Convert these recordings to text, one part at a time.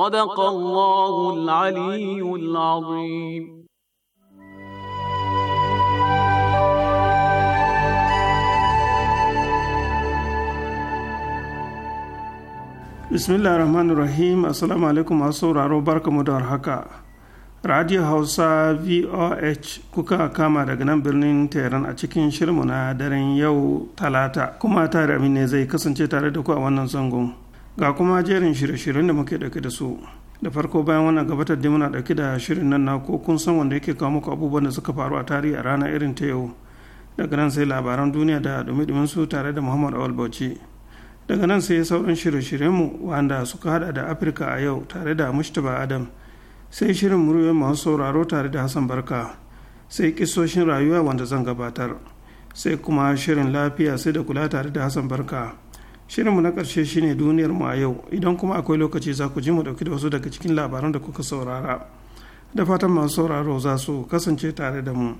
صدق الله العلي العظيم bismillah rahman rahim assalamu alaikum masu sauraro barkamu da haka radio hausa voh kuka kama daga nan birnin tehran a cikin shirmu na daren yau talata kuma tare ne zai kasance tare da ku a wannan zangon ga kuma jerin shirye-shiryen da muke dauke da su da farko bayan wannan gabatar da muna dauke da shirin nan na ko kun san wanda yake kawo muku abubuwan da suka faru a tarihi a rana irin ta yau daga nan sai labaran duniya da dumi dumin su tare da muhammad awal bauchi daga nan sai sauran shirye shiryen mu wanda suka hada da afirka a yau tare da mustapha adam sai shirin muryoyin masu sauraro tare da hassan barka sai kisoshin rayuwa wanda zan gabatar sai kuma shirin lafiya sai da kula tare da hassan barka shirinmu na ƙarshe shine duniyar mu a yau idan kuma akwai lokaci za ku ji mu ɗauki da wasu daga cikin labaran da kuka saurara da fatan masu sauraro za su kasance tare da mu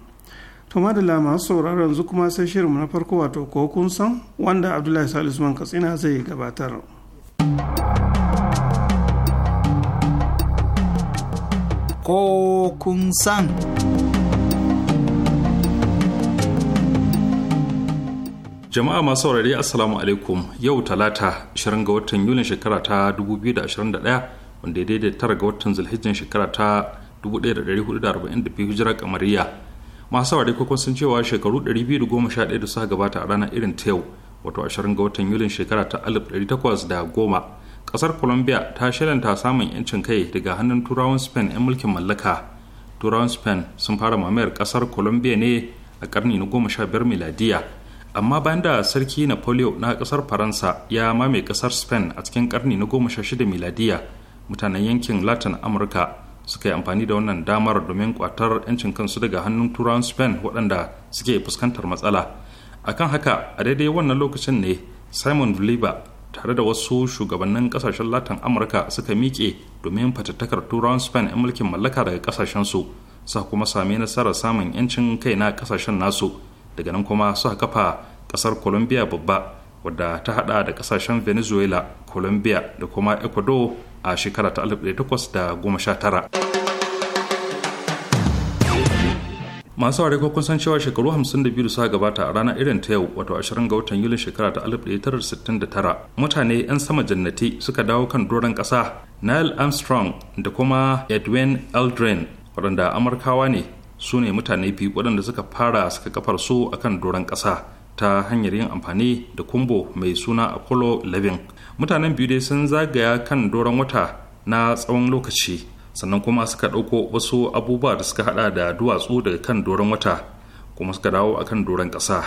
to madalla masu sauraro yanzu kuma sai shirinmu na farko wato ko kun san wanda abdullahi salisu man katsina zai gabatar ko kun san jama'a masu saurari assalamu alaikum yau talata 20 ga watan yulin shekara ta 2021 wanda ya daidai tara ga watan zulhijjin shekara ta 1442 hijira kamariya masu saurari kokon sun cewa shekaru 211 da suka gabata a ranar irin ta yau wato 20 ga watan yulin shekara ta 1810 kasar colombia ta shirinta samun yancin kai daga hannun turawan spain 'yan mulkin mallaka turawan spain sun fara mamayar kasar colombia ne a karni na 15 miladiya amma bayan da sarki napoleon na kasar faransa ya mame kasar spain a cikin karni na goma sha shida miladiya mutanen yankin latin amurka suka yi amfani da wannan damar domin kwatar 'yancin kansu daga hannun turawan spain waɗanda suke fuskantar matsala akan haka a daidai wannan lokacin ne simon bolivar tare da wasu shugabannin kasashen latin amurka suka miƙe domin fatattakar turawan spain 'yan mulkin mallaka daga kasashensu sa kuma sami nasarar samun 'yancin kai na kasashen nasu daga nan kuma suka kafa kasar colombia babba wadda ta hada da kasashen venezuela colombia da kuma ecuador a shekara ta 1819 masu ware kun san cewa shekaru 52 da suka gabata a ranar irin ta yau wato 20 ga watan yulin shekara ta 1969 mutane 'yan sama jannati suka dawo kan doron ƙasa nile armstrong da kuma edwin aldrin waɗanda amurkawa ne su ne mutane biyu waɗanda suka fara suka kafar su a kan doron ƙasa ta hanyar yin amfani da kumbo mai suna apollo 11 mutanen biyu dai sun zagaya kan doron wata na tsawon lokaci sannan kuma suka ɗauko wasu abubuwa da suka hada da duwatsu daga kan doron wata kuma suka dawo akan doron ƙasa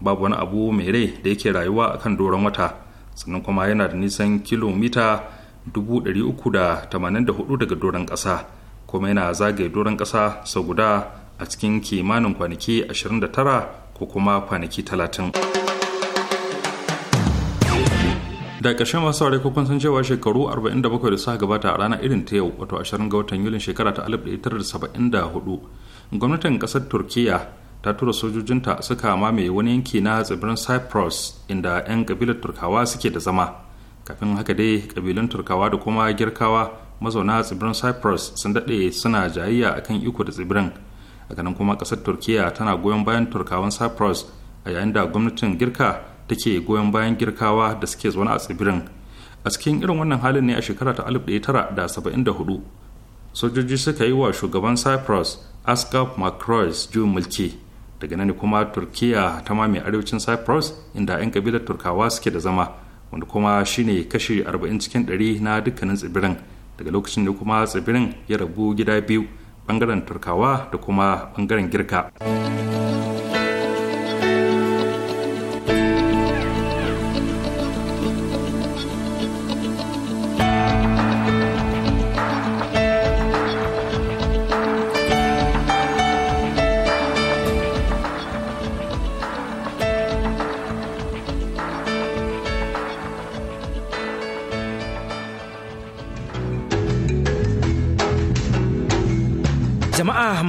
babu wani abu mai rai da yake rayuwa akan doron wata sannan kuma yana da nisan kilomita 384 daga doron ƙasa kuma yana zagaye doron ƙasa sau guda a cikin kimanin kwanaki 29 ko kuma kwanaki 30 da ƙarshen masu saurari kukun sun cewa shekaru 47 da suka gabata a rana irin ta yau wato 20 ga watan yulin shekara ta 1974 gwamnatin ƙasar turkiyya ta tura sojojinta suka mamaye wani yanki na tsibirin cyprus inda 'yan kabilar turkawa suke da zama kafin haka dai kabilun turkawa da kuma girkawa mazauna tsibirin cyprus sun daɗe suna jayayya akan iko da tsibirin daga nan kuma kasar turkiya tana goyon bayan turkawan cyprus a yayin da gwamnatin girka take goyon bayan girkawa da suke zaune a tsibirin a cikin irin wannan halin ne a shekara ta 1974 sojoji suka yi wa shugaban cyprus ascap macroys juyin mulki daga nan kuma turkiya ta mame arewacin cyprus inda 'yan kabilar turkawa suke da zama wanda kuma shine kashi 40 cikin 100 na dukkanin tsibirin daga lokacin da kuma tsibirin ya rabu gida biyu ɓangaren turkawa da kuma ɓangaren girka.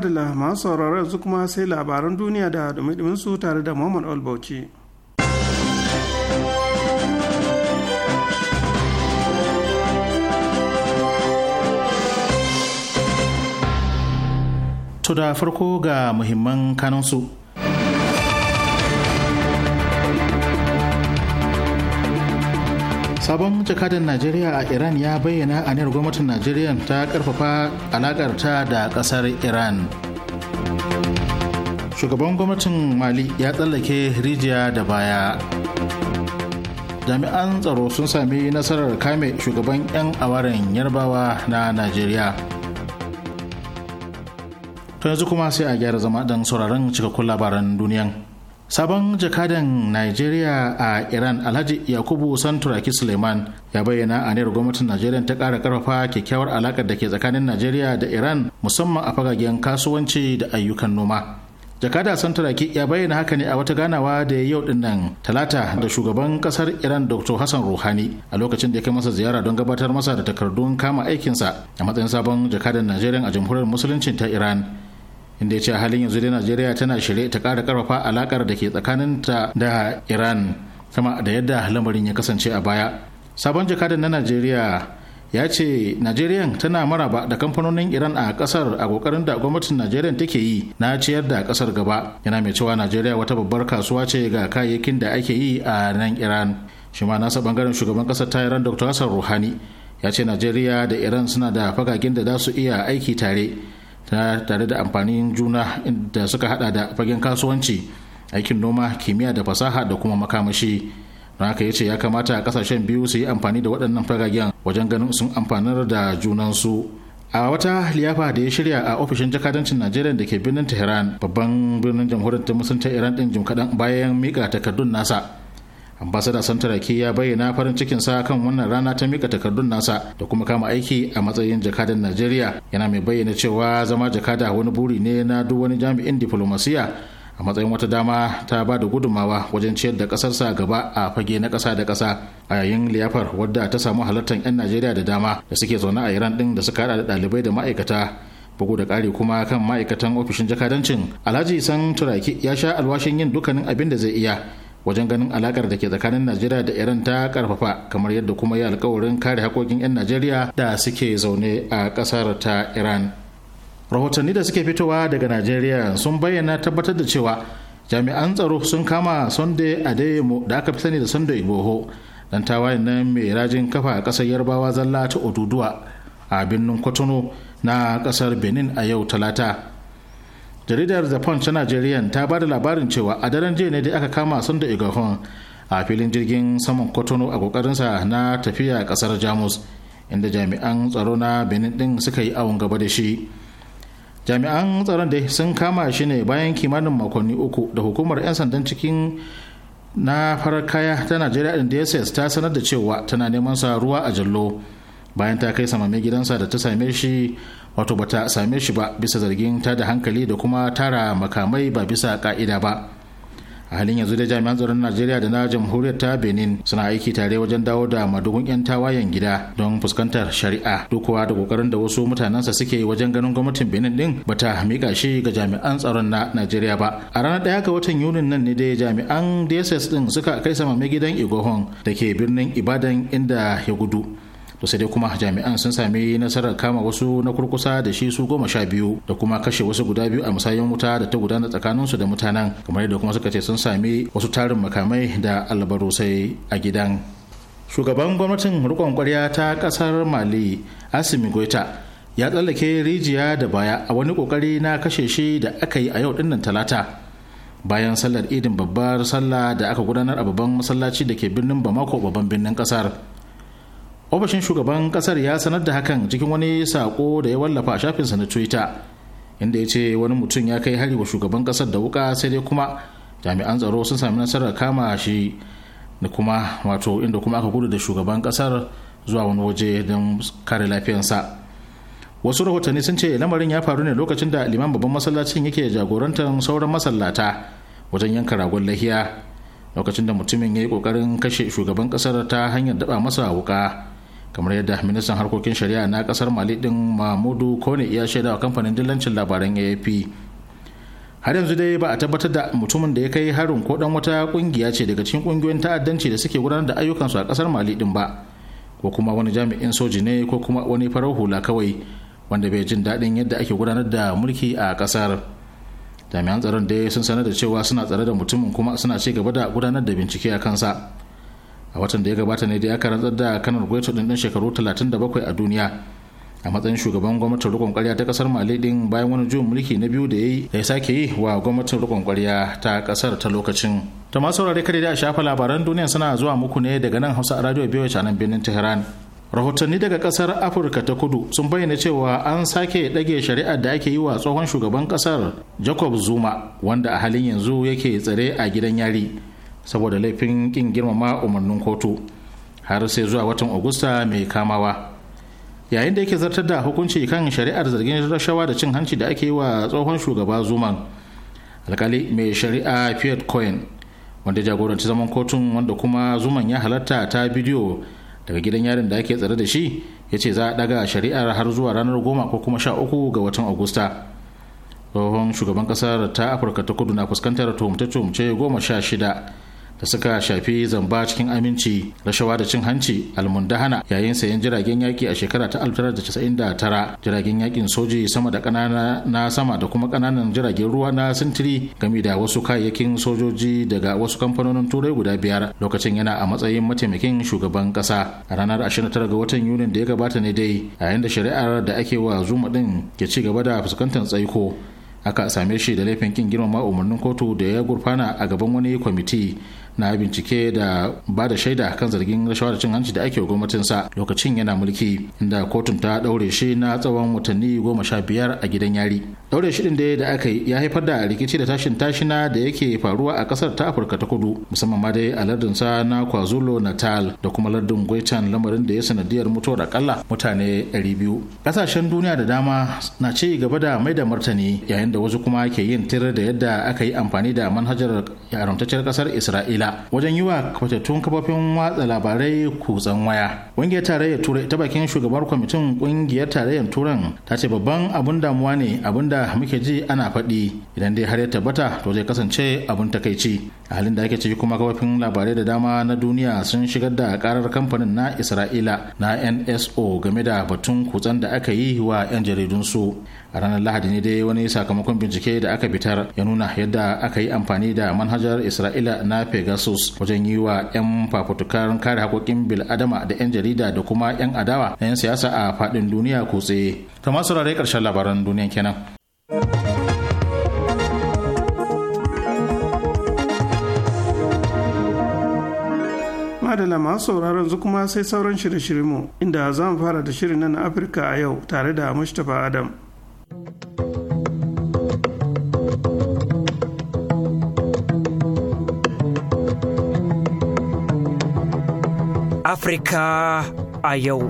madalla masu sauraro yanzu kuma sai labaran duniya da dumi su tare da Muhammad Olbauchi. To da farko ga muhimman kanansu. sabon jakadan najeriya a iran ya bayyana aniyar gwamnatin najeriya ta karfafa alakar ta da kasar iran shugaban gwamnatin mali ya tsallake rijiya da baya jami'an tsaro sun sami nasarar kame shugaban 'yan awaren yarbawa na najeriya to yanzu kuma sai a gyara zama don sauraron cikakkun labaran duniyan sabon jakadan Najeriya a iran alhaji yakubu santuraki suleiman ya bayyana a niyar gwamnatin najeriya ta ƙara ƙarfafa kyakkyawar alakar da ke tsakanin najeriya da iran musamman a fagagen kasuwanci da ayyukan noma jakada santuraki ya bayyana haka ne a wata ganawa da ya yau din talata da shugaban kasar iran dr hassan ruhani a lokacin da ya kai masa ziyara don gabatar masa da takardun kama aikinsa a matsayin sabon jakadan najeriya a jamhuriyar Musuluncin ta iran inda ya ce halin yanzu dai najeriya tana shirye ta kara karfafa alakar da ke tsakanin ta da iran sama da yadda lamarin ya kasance a baya sabon jakadan na najeriya ya ce najeriya tana maraba da kamfanonin iran a kasar a kokarin da gwamnatin najeriya take yi na ciyar da kasar gaba yana mai cewa najeriya wata babbar kasuwa ce ga kayayyakin da ake yi a nan iran shi ma nasa bangaren shugaban kasar ta iran dr hassan ruhani ya ce najeriya da iran suna da fagagen da za su iya aiki tare tare da amfanin juna da suka hada da fagen kasuwanci aikin noma kimiyya da fasaha da kuma makamashi na haka ya ce ya kamata kasashen biyu su yi amfani da waɗannan fagagen wajen ganin sun amfanar da junansu a wata liyafa da ya shirya a ofishin jakadancin najeriya da ke birnin tehran babban birnin jamhuriyar ta musulunta iran din jim kaɗan bayan mika takardun nasa ambasada turaki ya bayyana farin cikin sa kan wannan rana ta mika takardun nasa da kuma kama aiki a matsayin jakadan najeriya yana mai bayyana cewa zama jakada wani buri ne na duk wani jami'in diflomasiya a matsayin wata dama ta ba da gudummawa wajen ciyar da kasarsa gaba a fage na ƙasa da kasa a yayin liyafar wadda ta samu halartar 'yan najeriya da dama da suke zaune a iran din da suka hada da ɗalibai da ma'aikata bugu da ƙari kuma kan ma'aikatan ofishin jakadancin alhaji san turaki ya sha alwashin yin dukkanin abin da zai iya wajen ganin alakar da ke tsakanin najeriya da iran ta karfafa kamar yadda kuma ya alkawarin kare hakokin 'yan najeriya da suke zaune a kasar ta iran rahotanni da suke fitowa daga najeriya sun bayyana tabbatar da cewa jami'an tsaro sun kama sunday adeyemo da aka fi sani da sunday boho dan tawayen nan mai rajin kafa a kasar yarbawa zalla ta oduduwa a birnin kwatano na kasar benin a yau talata jaridar the punch ta nigerian ta ba da labarin cewa a daren jiya ne dai aka kama sanda igahon a filin jirgin saman kotono a kokarinsa na tafiya kasar jamus inda jami'an tsaro na benin din suka yi awon gaba da shi jami'an tsaron dai sun kama shi ne bayan kimanin makonni uku da hukumar 'yan sandan cikin na farar kaya ta najeriya din dss ta sanar da cewa tana neman sa ruwa a jallo bayan ta kai samame gidansa da ta same shi wato bata same shi ba bisa zargin ta da hankali da kuma tara makamai ba bisa ka'ida ba a halin yanzu da jami'an tsaron najeriya da na jamhuriyar ta benin suna aiki tare wajen dawo da madugun 'yan tawayen gida don fuskantar shari'a dukuwa da kokarin da wasu mutanensa suke wajen ganin gwamnatin benin din bata miƙa shi ga jami'an tsaron na najeriya ba a ranar ɗaya ga watan yunin nan ne dai jami'an dss din suka kai sama mai gidan igohon da ke birnin ibadan inda ya gudu to sai dai kuma jami'an sun sami nasarar kama wasu na kurkusa da shi su goma sha biyu da kuma kashe wasu guda biyu a musayen wuta da ta gudana su da mutanen kamar yadda kuma suka ce sun sami wasu tarin makamai da albarusai a gidan shugaban gwamnatin rikon kwarya ta kasar mali asimi goita ya tsallake rijiya da baya a wani kokari na kashe shi da aka yi a yau dinnan talata bayan sallar idin babbar sallah da aka gudanar a babban masallaci da ke birnin bamako babban birnin kasar ofishin shugaban kasar ya sanar da hakan cikin wani sako da ya wallafa a shafinsa na twitter inda ya ce wani mutum ya kai hari wa shugaban kasar da wuka sai dai kuma jami'an tsaro sun sami nasarar kama shi da kuma wato inda kuma aka gudu da shugaban kasar zuwa wani waje don kare lafiyarsa wasu rahotanni sun ce lamarin ya faru ne lokacin da liman babban masallacin yake jagorantar sauran masallata wajen yanka ragon lahiya lokacin da mutumin ya yi kokarin kashe shugaban kasar ta hanyar daba masa wuka kamar yadda ministan harkokin shari'a na kasar mali din mahmudu kone ya shaidawa kamfanin dillancin labaran afp har yanzu dai ba a tabbatar da mutumin da ya kai harin ko dan wata kungiya ce daga cikin kungiyoyin ta'addanci da suke gudanar da ayyukansu a kasar mali din ba ko kuma wani jami'in soji ne ko kuma wani farar hula kawai wanda bai jin daɗin yadda ake gudanar da mulki a kasar jami'an tsaron dai sun sanar da cewa suna tsare da mutumin kuma suna ci gaba da gudanar da bincike a kansa a watan da ya gabata ne dai aka rantsar da kanar gwaito din shekaru 37 a duniya a matsayin shugaban gwamnatin rikon kwarya ta kasar mali din bayan wani juyin mulki na biyu da ya yi da ya sake yi wa gwamnatin rikon kwarya ta kasar ta lokacin ta masu saurare kare da shafa labaran duniya suna zuwa muku ne daga nan hausa a radio biyu a nan birnin tehran rahotanni daga kasar afirka ta kudu sun bayyana cewa an sake ɗage shari'ar da ake yi wa tsohon shugaban kasar jacob zuma wanda a halin yanzu yake tsare a gidan yari saboda laifin kin girmama umarnin kotu har sai zuwa watan agusta mai kamawa yayin da yake zartar da hukunci kan shari'ar zargin rashawa da cin hanci da ake yi wa tsohon shugaba zuman alkali mai shari'a fiat coin wanda jagoranci zaman kotun wanda kuma zuman ya halatta ta bidiyo daga gidan yarin da ake tsare da shi ya ce za a daga shari'ar har zuwa ranar goma ko kuma sha uku ga watan agusta tsohon shugaban kasar ta afirka ta kudu na fuskantar tuhumce-tuhumce goma sha shida da suka shafi zamba cikin aminci rashawa da cin hanci almundahana yayin sayan jiragen yaki a shekara ta 1999 jiragen yakin soji sama da kanana na sama da kuma kananan jiragen ruwa na sintiri game da wasu kayayyakin sojoji daga wasu kamfanonin turai guda biyar lokacin yana a matsayin mataimakin shugaban kasa a ranar 29 ga watan yunin da ya gabata ne dai yayin da shari'ar da ake wa zuma din ke ci gaba da fuskantar tsaiko aka same shi da laifin kin girmama umarnin kotu da ya gurfana a gaban wani kwamiti na bincike da ba da shaida kan zargin rashawa da cin hanci da ake gwamnatin sa. lokacin yana mulki inda kotun ta daure shi na tsawon watanni goma sha biyar a gidan yari daure shi din da aka yi ya haifar da rikici da tashin tashina da yake faruwa a kasar ta afirka ta kudu musamman ma dai a lardin sa na kwazulu natal da kuma lardin gwaitan lamarin da ya sanadiyar mutuwar akalla mutane 200 kasashen duniya da dama na ci gaba da mai da martani yayin da wasu kuma ke yin tirar da yadda aka yi amfani da manhajar yaramtacciyar kasar isra'il kabila wajen yi wa kwatattun kafofin watsa labarai kutsan waya ƙungiyar tarayyar turai ta bakin shugabar kwamitin ƙungiyar tarayyar turan ta ce babban abun damuwa ne abun da muke ji ana faɗi idan dai har ya tabbata to zai kasance abun takaici a halin da ake ciki kuma kafofin labarai da dama na duniya sun shigar da karar kamfanin na isra'ila na nso game da batun kutsan da aka yi wa 'yan jaridunsu a ranar lahadi ne dai wani sakamakon bincike da aka fitar ya nuna yadda aka yi amfani da manhajar isra'ila na pegasus wajen yi wa 'yan fafutukar kare haƙoƙin bil'adama da 'yan jarida da kuma 'yan adawa na 'yan siyasa a faɗin duniya kutse ta masu rarai ƙarshen labaran duniya kenan madala masu sauraron zu kuma sai sauran shirye-shiryenmu inda za mu fara da shirin nan na afirka a yau tare da mustapha adam Afirka a yau.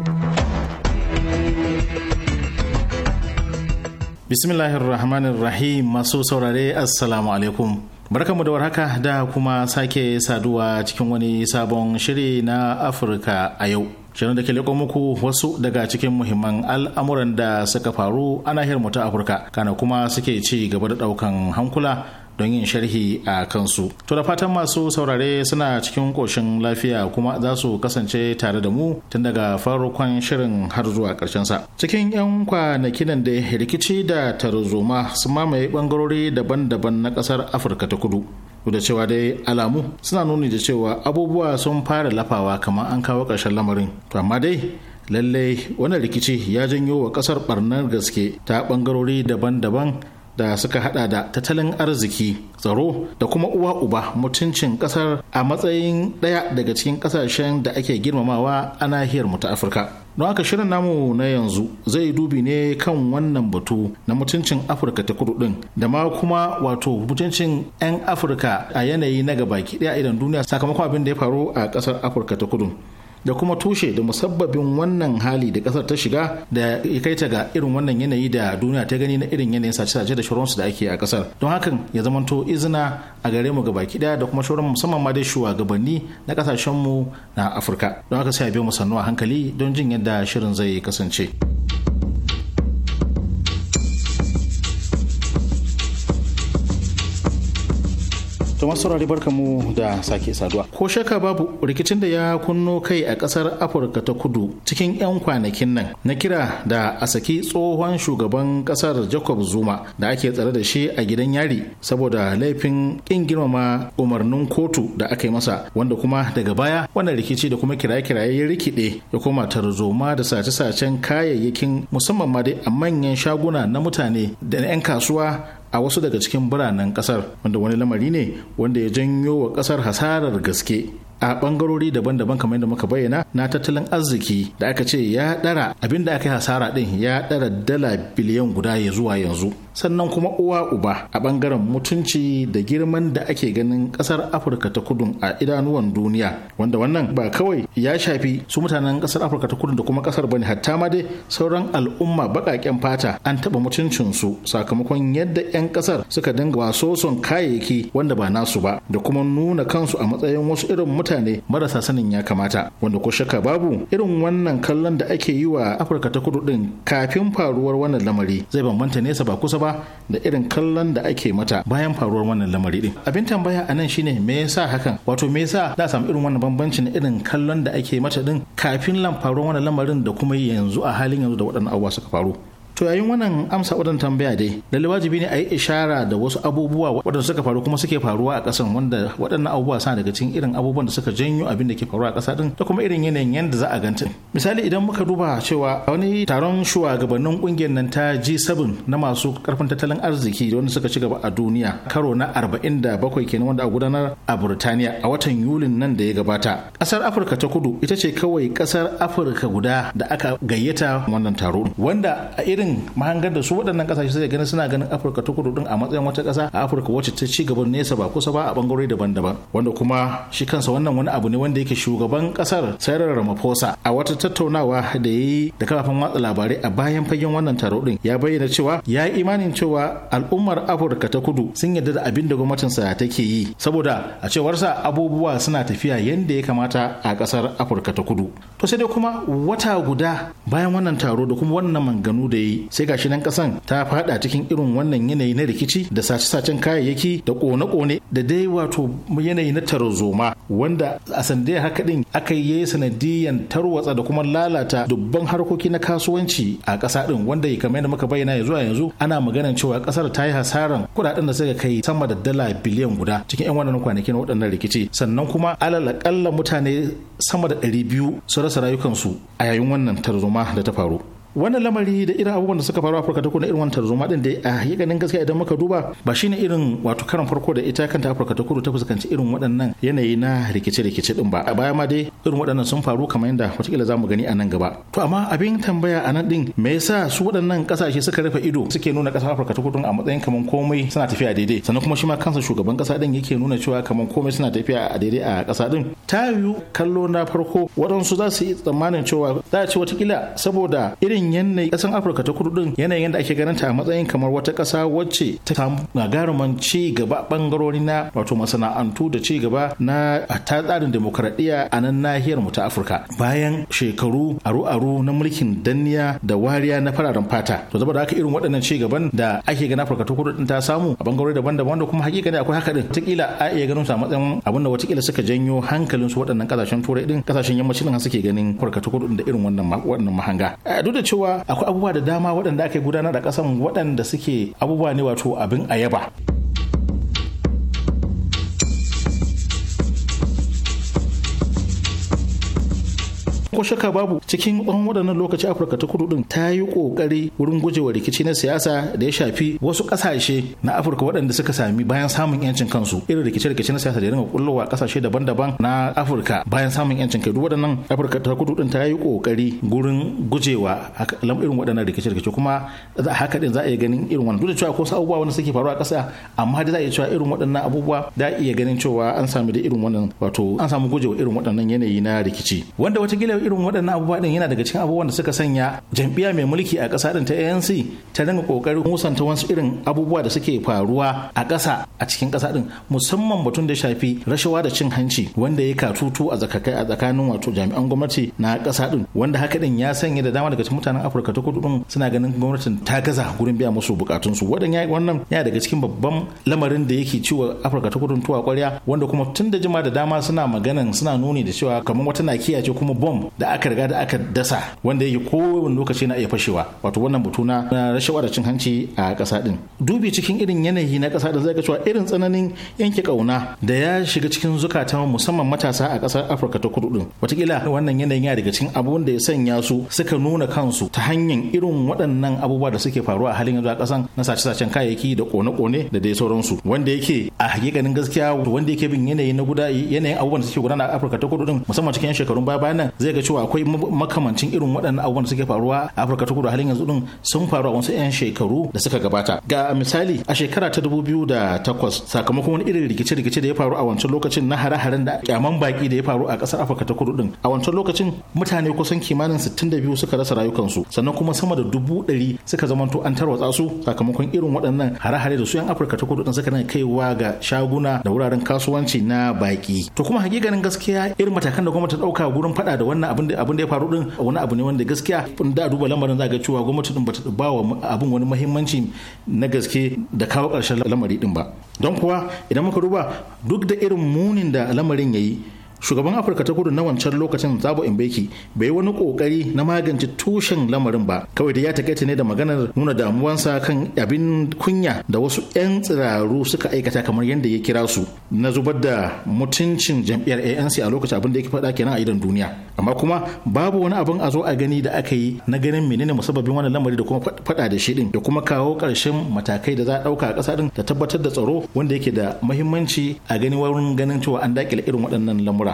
Bismillahirrahmanirrahim masu saurare Assalamu alaikum. Barkamu da warhaka da kuma sake saduwa cikin wani sabon shiri na Afirka a yau. shirin da ke leƙo muku wasu daga cikin muhimman al'amuran da suka faru a nahiyar mu ta afirka kana kuma suke ci gaba da ɗaukan hankula don yin sharhi a kansu. To da fatan masu saurare suna cikin ƙoshin lafiya kuma za su kasance tare da mu tun daga farkon shirin har zuwa ƙarshen sa. Cikin 'yan kwanaki nan da rikici da tarzoma su mamaye bangarori daban-daban na ƙasar Afirka ta Kudu. da cewa dai alamu suna nuni da cewa abubuwa sun fara lafawa kamar an kawo ƙarshen lamarin to amma dai lallai wannan rikici ya janyo wa ƙasar barnar gaske ta ɓangarori daban-daban da suka hada da tattalin arziki tsaro da kuma uwa uba mutuncin kasar a matsayin daya daga cikin kasashen da ake girmamawa a nahiyar mu ta afirka don haka shirin namu na yanzu zai dubi ne kan wannan batu na mutuncin afirka ta kudu din da ma kuma wato mutuncin 'yan afirka a yanayi na gaba daya idan duniya sakamakon abin da ya faru a kasar afirka ta kudu da kuma tushe da musabbabin wannan hali da kasar ta shiga da ya kai ta ga irin wannan yanayi da duniya ta gani na irin yanayin sace-sace da shauransu da ake a kasar don hakan ya zamanto izina a gare mu gabaki daya da kuma shauran musamman ma dai shugabanni na kasashen mu na afirka don haka sai a biyo mu sannu a hankali don jin yadda shirin zai kasance. to saurari barka mu da sake saduwa ko shaka babu rikicin da ya kunno kai a ƙasar afirka ta kudu cikin 'yan kwanakin nan na kira da a saki tsohon shugaban ƙasar jacob zuma da ake tsare da shi a gidan yari saboda laifin kin girmama umarnin kotu da aka yi masa wanda kuma daga baya wannan rikici da kuma kiraye-kiraye ya rikide ya koma tarzoma da sace-sacen kayayyakin musamman ma dai a manyan shaguna na mutane da na 'yan kasuwa a wasu daga cikin biranen kasar wanda wani lamari ne wanda ya janyo wa kasar hasarar gaske a bangarori daban-daban kamar yadda muka bayyana na tattalin arziki da aka ce ya dara abin da aka yi hasara din ya dara dala biliyan guda ya zuwa yanzu sannan kuma uwa uba a bangaren mutunci da girman da ake ganin kasar afirka ta kudu a idanuwan duniya wanda wannan ba kawai ya shafi su mutanen kasar afirka ta kudu da kuma kasar bane hatta ma dai sauran al'umma baƙaƙen fata an taɓa mutuncinsu sakamakon yadda 'yan kasar suka dinga waso son kayayyaki wanda ba nasu ba da kuma nuna kansu a matsayin wasu irin mutane marasa sanin ya kamata wanda ko shakka babu irin wannan kallon da ake yi wa afirka ta kudu din kafin faruwar wannan lamari zai bambanta nesa ba kusa ba da irin kallon da ake mata bayan faruwar wannan lamari din abin tambaya a nan shine me yasa hakan wato me yasa za samu irin wannan bambancin irin kallon da ake mata din kafin lan faruwar wannan lamarin da kuma yanzu a halin yanzu da waɗannan abubuwa suka faru to yayin wannan amsa wadan tambaya dai lalle wajibi ne a yi ishara da wasu abubuwa wadanda suka faru kuma suke faruwa a ƙasan wanda waɗannan abubuwa suna daga cikin irin abubuwan da suka janyo abin da ke faruwa a ƙasa din da kuma irin yanayin yadda za a ganta misali idan muka duba cewa a wani taron shugabannin ƙungiyar nan ta G7 na masu karfin tattalin arziki da wanda suka ci gaba a duniya karo na 47 kenan wanda a gudanar a Burtaniya a watan Yulin nan da ya gabata kasar Afirka ta Kudu ita ce kawai kasar Afirka guda da aka gayyata wannan taro wanda a irin rashin mahangar da su waɗannan ƙasashe sai ganin suna ganin afirka ta kudu din a matsayin wata ƙasa a afirka wacce ta ci gaban nesa ba kusa ba a bangarori daban-daban wanda kuma shi kansa wannan wani abu ne wanda yake shugaban ƙasar sayar ramaphosa a wata tattaunawa da ya yi da kafafen watsa labarai a bayan fagen wannan taro din ya bayyana cewa ya yi imanin cewa al'ummar afirka ta kudu sun yarda da abin da gwamnatinsa take yi saboda a cewarsa abubuwa suna tafiya yadda ya kamata a ƙasar afirka ta kudu to sai dai kuma wata guda bayan wannan taro da kuma wannan manganu da ya yi sai gashi nan kasan ta fada cikin irin wannan yanayi na rikici da sace-sacen kayayyaki da kone-kone da dai wato yanayi na tarzoma wanda a sandiyar haka din aka yi sanadiyan tarwatsa da kuma lalata dubban harkoki na kasuwanci a ƙasa din wanda kamar yadda muka bayyana ya zuwa yanzu ana maganar cewa kasar ta yi hasaran kuɗaɗen da suka kai sama da dala biliyan guda cikin 'yan wannan kwanakin waɗannan rikici sannan kuma alal akalla mutane sama da 200 su rasa rayukansu a yayin wannan tarzoma da ta faru wannan lamari da irin abubuwan da suka faru a afirka ta kudu irin wannan tarzoma din da a ganin gaskiya idan muka duba ba shine irin wato karan farko da ita kanta afirka ta kudu ta fuskanci irin waɗannan yanayi na rikice-rikice din ba a baya ma dai irin waɗannan sun faru kamar yadda watakila za mu gani a nan gaba to amma abin tambaya a nan din me yasa su waɗannan ƙasashe suka rufe ido suke nuna ƙasar afirka ta kudu a matsayin kamar komai suna tafiya daidai sannan kuma shi ma kansa shugaban ƙasa din yake nuna cewa kamar komai suna tafiya a daidai a ƙasa din ta yiwu kallo na farko waɗansu za su yi tsammanin cewa za a ce watakila saboda irin irin yanayi kasan afirka ta kudu din yanayin da ake ganin ta a matsayin kamar wata kasa wacce ta samu gagarumin ci gaba bangarori na wato masana'antu da ci gaba na ta tsarin demokradiyya a nan nahiyar mu ta afirka bayan shekaru aru-aru na mulkin danniya da wariya na fararen fata to da aka irin waɗannan ci gaban da ake ganin afirka ta kudu din ta samu a bangarori daban-daban da kuma hakika ne akwai haka din takila a iya ganin su a matsayin abin da watakila suka janyo hankalin su waɗannan kasashen turai din kasashen yammacin nan suke ganin afirka ta kudu da irin wannan mahanga duk da cewa akwai abubuwa da dama waɗanda ake gudanar da ƙasan waɗanda suke abubuwa ne wato abin ayaba. ko shaka babu cikin tsawon waɗannan lokaci afirka ta kudu din ta yi ƙoƙari wurin gujewa rikici na siyasa da ya shafi wasu ƙasashe na afirka waɗanda suka sami bayan samun yancin kansu irin rikice-rikice na siyasa da ya rinka kullowa ƙasashe daban-daban na afirka bayan samun yancin kai duk waɗannan afirka ta kudu din ta yi ƙoƙari gurin gujewa irin waɗannan rikice-rikice kuma haka din za a iya ganin irin wannan duk da cewa ko abubuwa wanda suke faruwa a ƙasa amma da za a iya cewa irin waɗannan abubuwa da iya ganin cewa an sami da irin wannan wato an samu gujewa irin waɗannan yanayi na rikici wanda wata gila irin waɗannan abubuwa ɗin yana daga cikin abubuwan da suka sanya jam'iyya mai mulki a ƙasa ɗin ta ANC ta dinga kokarin musanta wasu irin abubuwa da suke faruwa a ƙasa a cikin ƙasa din musamman batun da shafi rashawa da cin hanci wanda ya katutu a zakakai a tsakanin wato jami'an gwamnati na ƙasa ɗin wanda haka din ya sanya da dama daga cikin mutanen Afirka ta kudu ɗin suna ganin gwamnatin ta gaza gurin biya musu bukatunsu waɗannan wannan yana daga cikin babban lamarin da yake ciwo Afirka ta kudu tuwa kwarya wanda kuma tun da jima da dama suna maganan suna nuni da cewa kamar wata nakiya ce kuma bomb da aka riga da aka dasa wanda yake kowane lokaci na iya fashewa wato wannan butu na rashawa da cin hanci a ƙasa din dubi cikin irin yanayi na ƙasa da zai ga cewa irin tsananin yanke kauna da ya shiga cikin zukata musamman matasa a ƙasar Afirka ta kudu din watakila wannan yanayin ya daga cikin abubuwan da ya sanya su suka nuna kansu ta hanyar irin waɗannan abubuwa da suke faruwa a halin yanzu a ƙasan na sace-sacen kayayyaki da kone-kone da dai sauransu wanda yake a hakikanin gaskiya wanda yake bin yanayi na gudayi yanayin abubuwan da suke gudana a Afirka ta kudu din musamman cikin shekarun baya nan zai ga cewa akwai makamancin irin waɗannan abubuwan da suke faruwa a Afirka ta Kudu halin yanzu din sun faru a wasu 'yan shekaru da suka gabata. Ga misali a shekara ta da takwas sakamakon wani irin rikice-rikice da ya faru a wancan lokacin na hare-haren da kyaman baki da ya faru a ƙasar Afirka ta Kudu din. A wancan lokacin mutane kusan kimanin sittin da biyu suka rasa rayukansu sannan kuma sama da dubu ɗari suka zamanto an tarwatsa su sakamakon irin waɗannan hare-hare da su 'yan Afirka ta Kudu din suka nan kaiwa ga shaguna da wuraren kasuwanci na baki. To kuma hakikanin gaskiya irin matakan da gwamnati ta ɗauka gurin faɗa da wannan abin da ya faru din wani abu ne wanda gaskiya in da duba lamarin za ga cewa gwamnati din bata ba wa abin wani muhimmanci na gaske da kawo karshen lamari din ba don kuwa idan muka duba duk da irin munin da lamarin yayi shugaban afirka ta kudu na wancan lokacin zabo mbeki bai yi wani kokari na magance tushen lamarin ba kawai da ya takaita ne da maganar nuna damuwansa kan abin kunya da wasu 'yan tsiraru suka aikata kamar yadda ya kira su na zubar da mutuncin jam'iyyar anc a lokacin abin da ya faɗa kenan a idan duniya amma kuma babu wani abin a zo a gani da aka yi na ganin menene musabbabin wannan lamari da kuma faɗa da shi din da kuma kawo ƙarshen matakai da za a ɗauka a ƙasa din da tabbatar da tsaro wanda yake da muhimmanci a gani wurin ganin cewa an daƙile irin waɗannan lamura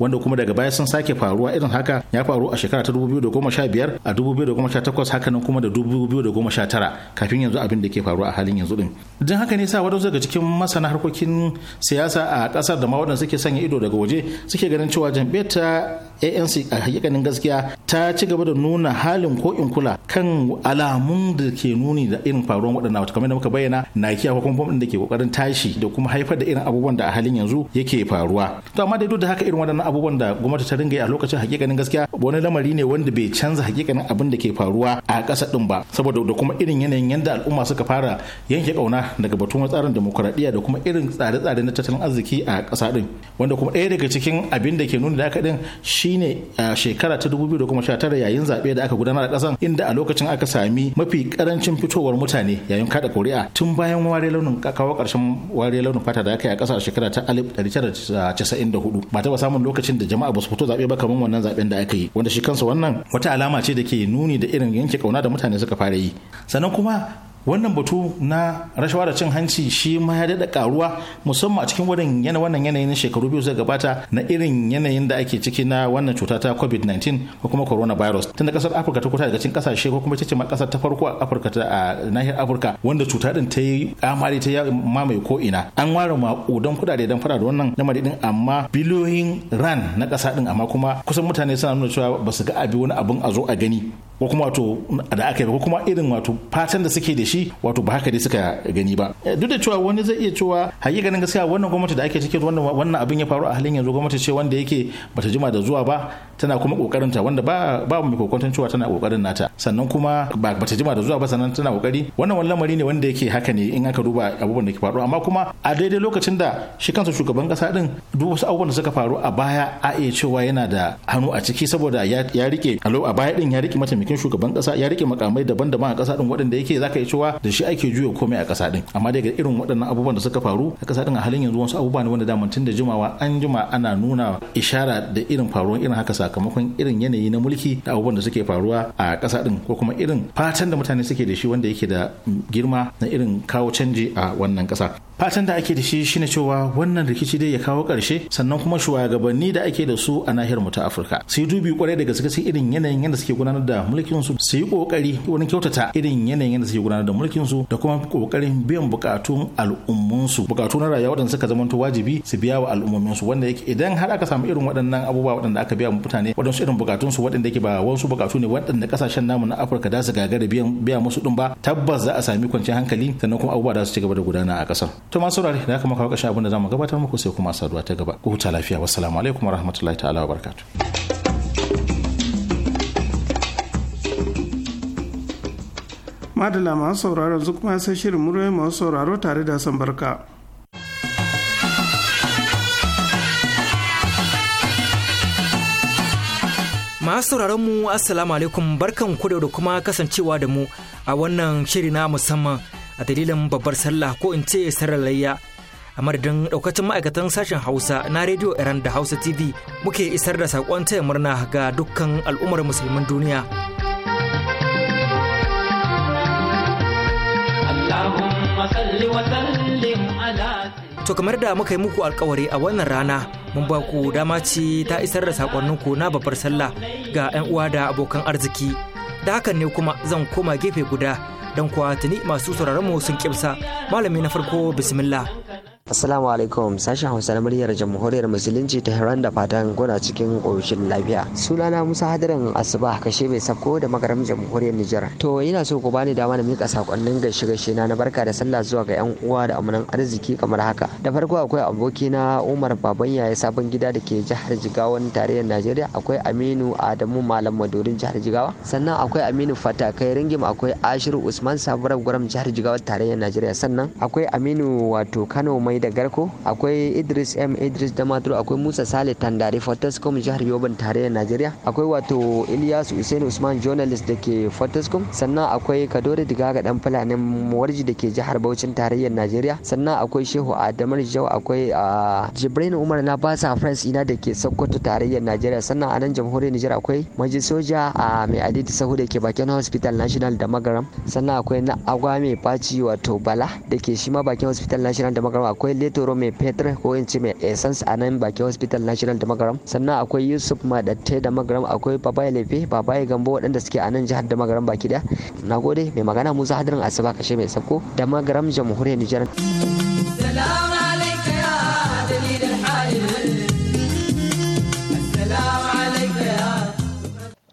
wanda kuma daga baya sun sake faruwa irin haka ya faru a shekara ta 2015 a 2018 nan kuma da 2019 kafin yanzu abin da ke faruwa a halin yanzu din don haka ne sa wadansu daga cikin masana harkokin siyasa a kasar da ma waɗanda suke sanya ido daga waje suke ganin cewa jam'iyyar ta anc a hakikanin gaskiya ta ci gaba da nuna halin ko in kula kan alamun da ke nuni da irin faruwan waɗannan wata kamar da muka bayyana na kiya ko kuma da ke kokarin tashi da kuma haifar da irin abubuwan da a halin yanzu yake faruwa to amma da duk da haka irin waɗannan abubuwan da gwamnati ta ringa a lokacin hakikanin gaskiya wani lamari ne wanda bai canza hakikanin abin da ke faruwa a ƙasa din ba saboda da kuma irin yanayin yadda al'umma suka fara yanke kauna daga batun tsarin demokuraɗiyya da kuma irin tsare-tsare na tattalin arziki a ƙasa din wanda kuma ɗaya daga cikin abin da ke nuna da haka din shine a shekara ta 2019 yayin zaɓe da aka gudanar a ƙasan inda a lokacin aka sami mafi ƙarancin fitowar mutane yayin kada ƙuri'a tun bayan wari launin kawo ƙarshen ware launin fata da aka yi a a shekara ta 1994 ba ba samun lokaci lokacin da jama'a ba su fito zaɓe ba kamar wannan zaɓen da aka yi wanda shi kansa wannan wata alama ce da ke nuni da irin yanke kauna da mutane suka fara yi sannan kuma wannan batu na rashawa da cin hanci shi ma ya daɗa karuwa musamman a cikin wannan yana wannan yanayin shekaru biyu zai gabata na irin yanayin da ake ciki na wannan cuta ta covid-19 ko kuma coronavirus tun da kasar afirka ta kuta daga cikin kasashe ko kuma ce ma kasar ta farko a afirka ta a nahiyar afirka wanda cuta din ta yi kamari ta ya mamaye ko ina an ware maƙudan kudade don fara da wannan lamari din amma biliyoyin ran na kasa din amma kuma kusan mutane suna nuna cewa ba su ga abi wani abun a zo a gani ko kuma wato da aka yi ko kuma irin wato fatan da suke da shi wato ba haka dai suka gani ba eh, duk da cewa wani zai iya cewa hakikanin gaskiya wannan gwamnati da ake ciki wannan wannan abin ya faru a halin yanzu gwamnati ce wanda yake bata jima da zuwa ba tana kuma kokarin ta wanda ba ba mu kokon cewa tana kokarin nata sannan kuma ba bata jima da zuwa ba sannan tana kokari wannan wani lamari ne wanda yake haka ne in aka duba abubuwan da ke faru amma kuma a daidai lokacin da shi kansa shugaban kasa din duk wasu abubuwan da suka faru a baya a iya cewa yana da hannu a ciki saboda ya rike a baya din ya rike mata mataimakin shugaban kasa ya rike makamai daban-daban a kasa din waɗanda yake zaka yi cewa da shi ake juya komai a kasa din amma dai ga irin waɗannan abubuwan da suka faru a kasa din a halin yanzu wasu abubuwa ne wanda da tun da jimawa an jima ana nuna ishara da irin faruwan irin haka sakamakon irin yanayi na mulki da abubuwan da suke faruwa a kasa din ko kuma irin fatan da mutane suke da shi wanda yake da girma na irin kawo canji a wannan kasa fatan da ake da shi shine cewa wannan rikici dai ya kawo ƙarshe sannan kuma shugabanni da ake da su a nahiyar mu ta Afirka sai dubi kwarai da gaske irin yanayin yanda suke gudanar da mulki mulkin su su yi kokari wurin kyautata irin yanayin da suke gudanar da mulkin su da kuma kokarin biyan bukatun al'ummun su bukatu na rayuwa waɗanda suka zamanto wajibi su biya wa al'ummomin su wanda yake idan har aka samu irin waɗannan abubuwa waɗanda aka biya mutane waɗansu irin bukatun su waɗanda yake ba wasu bukatu ne waɗanda kasashen namu na Afirka da su gagara biyan biya musu din ba tabbas za a sami kwanciyar hankali sannan kuma abubuwa da su ci gaba da gudana a ƙasar to masu saurare da aka maka kashin abin da zamu gabatar muku sai kuma saduwa ta gaba ku huta lafiya wassalamu alaikum warahmatullahi ta'ala wabarakatuh madala masu sauraro yanzu kuma sai shirin muryoyi masu sauraro tare da san barka masu sauraron mu assalamu alaikum barkan ku da kuma kasancewa da mu a wannan shiri na musamman a dalilin babbar sallah ko in ce sarar layya a madadin daukacin ma'aikatan sashen hausa na rediyo iran da hausa tv muke isar da saƙon taya murna ga dukkan al'ummar musulman duniya To kamar da muka yi muku alkawari a wannan rana mun ba ku dama ce ta isar da sakonninku na babbar sallah ga 'yan uwa da abokan arziki. Da hakan ne kuma zan koma gefe guda don kuwa tuni masu sauraron mu sun kimsa malami na farko bismillah. Assalamu alaikum sashen Hausa na muryar Jamhuriyar Musulunci ta Hiran da fatan kuna cikin ƙoshin lafiya. Sunana Musa Hadirin Asuba kashe mai sako da magaram Jamhuriyar Nijar. To yana so ku bani dama na mika sakonnin gaishe gaishe na barka da sallah zuwa ga yan uwa da amanan arziki kamar haka. Da farko akwai aboki na Umar Baban Yaya sabon gida da ke jihar Jigawan tarayyar Najeriya akwai Aminu Adamu Malam Madurin jihar Jigawa sannan akwai Aminu Fatakai Ringim akwai Ashiru Usman Sabura Gwaram jihar Jigawa tarayyar Najeriya sannan akwai Aminu wato Kano Mai da garko akwai idris m idris damaturu akwai musa sale tandare fortescom jihar yoban tarayyar najeriya akwai wato ilyasu usain usman journalist da ke fortescom sannan akwai kadori digaga dan fulanin warji da ke jihar bauchin tarayyar najeriya sannan akwai shehu adamar jau akwai jibrin umar na basa france ina da ke sokoto tarayyar najeriya sannan a nan jamhuriyar nijar akwai maji soja a mai aditi sahu da ke bakin hospital national da magaram sannan akwai na agwa mai wato bala da ke shi ma bakin hospital national da magaram akwai letoro mai peter ko in ce mai essence a nan bakin hospital national da magaram sannan akwai yusuf madatte da magaram akwai babaye lefe babaye gambo waɗanda suke a nan jihar da magaram baki daya na gode mai magana musa hadirin asuba kashe mai sabko da magaram jamhuriyar nijar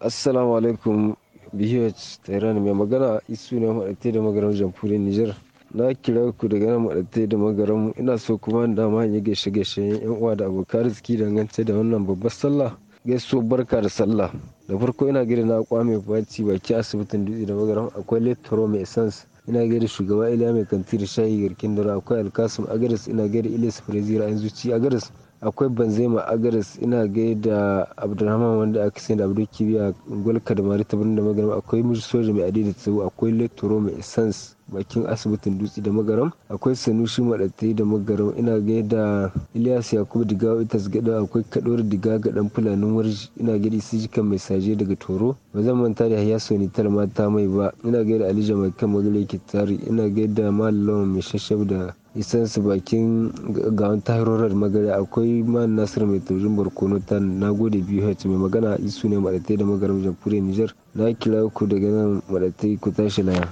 Salam assalamu alaikum bh tehran mai magana isu ne maɗaite da maganar jamhuriyar Nijar. na kira ku daga nan maɗatai da magaran ina so kuma dama in yi gaishe gaishe yan uwa da abokan arziki dangance da wannan babbar sallah gaisuwar barka da sallah da farko ina gida na kwame baci baki asibitin dutse da magaran akwai lettero mai sense ina gida shugaba ilya mai kanti da shayi garkin dara akwai alkasum agaris ina gida ilis brazil an zuci agaris akwai banzema agaris ina gaida abdulrahman wanda aka sani da abdul kibiya gwalka da marita ta birnin da magaram akwai soja mai da tsawo akwai lettero mai sans bakin asibitin dutse da magaram akwai sanusi maɗatai da magaram ina gaida ilyas yakubu diga itas gada akwai kadori diga gadan fulanin warji ina gaida su jikan mai saje daga toro ba zan manta da hayya soni talma ta mai ba ina gaida ali jamaica kan magana tari. ina gaida malam mai shashab da isansu bakin gawan tahirorar magana akwai man nasir mai taurin barkono ta gode biyu mai magana isu ne maɗatai da magaram jamhuriyar niger na kira ku daga nan maɗatai ku tashi laya.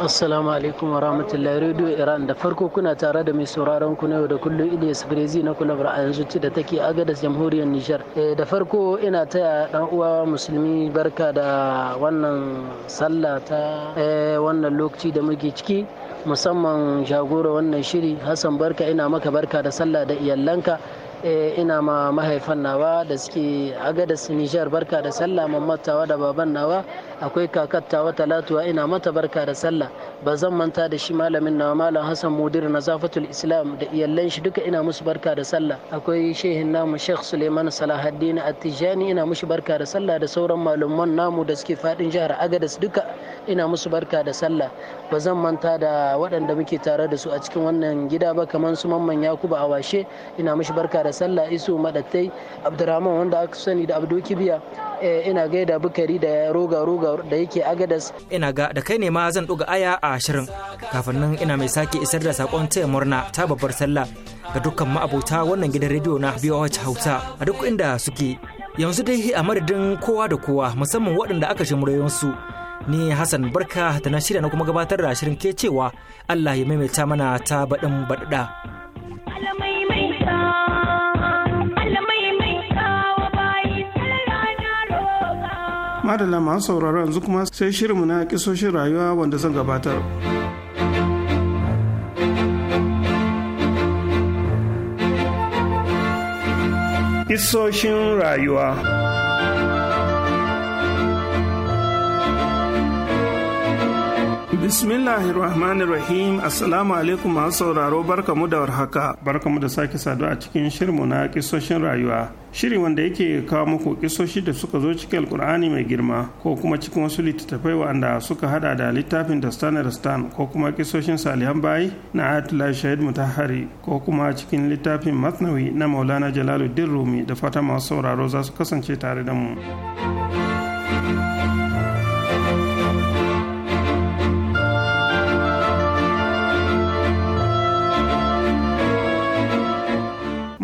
Assalamu alaikum wa rahmatullahi Radio Iran da farko kuna tare da mai sauraron ku na yau da kullum Ilyas Brezi na kulabar a yanzu ci da take Agadas Jamhuriyar Nijar. Eh, da farko ina taya dan uwa musulmi barka da wannan sallah ta eh, wannan lokaci da muke ciki. musamman jagora wannan shiri hassan barka ina maka barka da sallah da iyalanka Eh, ina ma mahaifan nawa da suke agadas nijar barka da sallah mamatawa da baban nawa akwai kakattawa talatuwa ina mata barka da sallah ba zan manta da shi malamin nawa malam hassan mudir na zafatul islam da iyallan shi duka ina musu barka da sallah akwai shehin namu sheikh suleiman salahaddin attijani ina mushi barka da sallah da sauran malaman namu da suke fadin jihar agadas duka ina musu barka da sallah ba zan manta da waɗanda muke tare da su a cikin wannan gida ba kamar su mamman yakubu washe ina musu barka da sallah isu madattai abdurrahman wanda aka sani da abdu kibiya eh, ina gaida bukari da roga roga da yake agadas ina ga da kai ne ma zan duga aya a ashirin kafin nan ina mai sake isar da sakon taya murna ta babbar sallah ga dukkan ma'abota wannan gidan rediyo na BOH Hausa a duk inda suke yanzu dai a madadin kowa da kowa musamman waɗanda aka shi su ni Hassan Barka da na shirya na kuma gabatar da shirin ke cewa Allah ya maimaita mana ta baɗin baɗaɗa. Madalla masu sauraro yanzu kuma sai shirinmu na kisoshin rayuwa wanda zan gabatar. Kisoshin rayuwa Bismillahirrahmanirrahim Assalamu alaikum masu sauraro barkamu da warhaka barkamu da sake saduwa a cikin shirmu na kisoshin rayuwa shiri wanda yake kawo muku kisoshi da suka zo cikin alkur'ani mai girma ko kuma cikin wasu littattafai wanda suka hada da littafin da stan stan ko kuma kisoshin salihan bayi na ayatollah shahid mutahari ko kuma cikin littafin matnawi na maulana jalaluddin rumi da fata masu sauraro za su kasance tare da mu.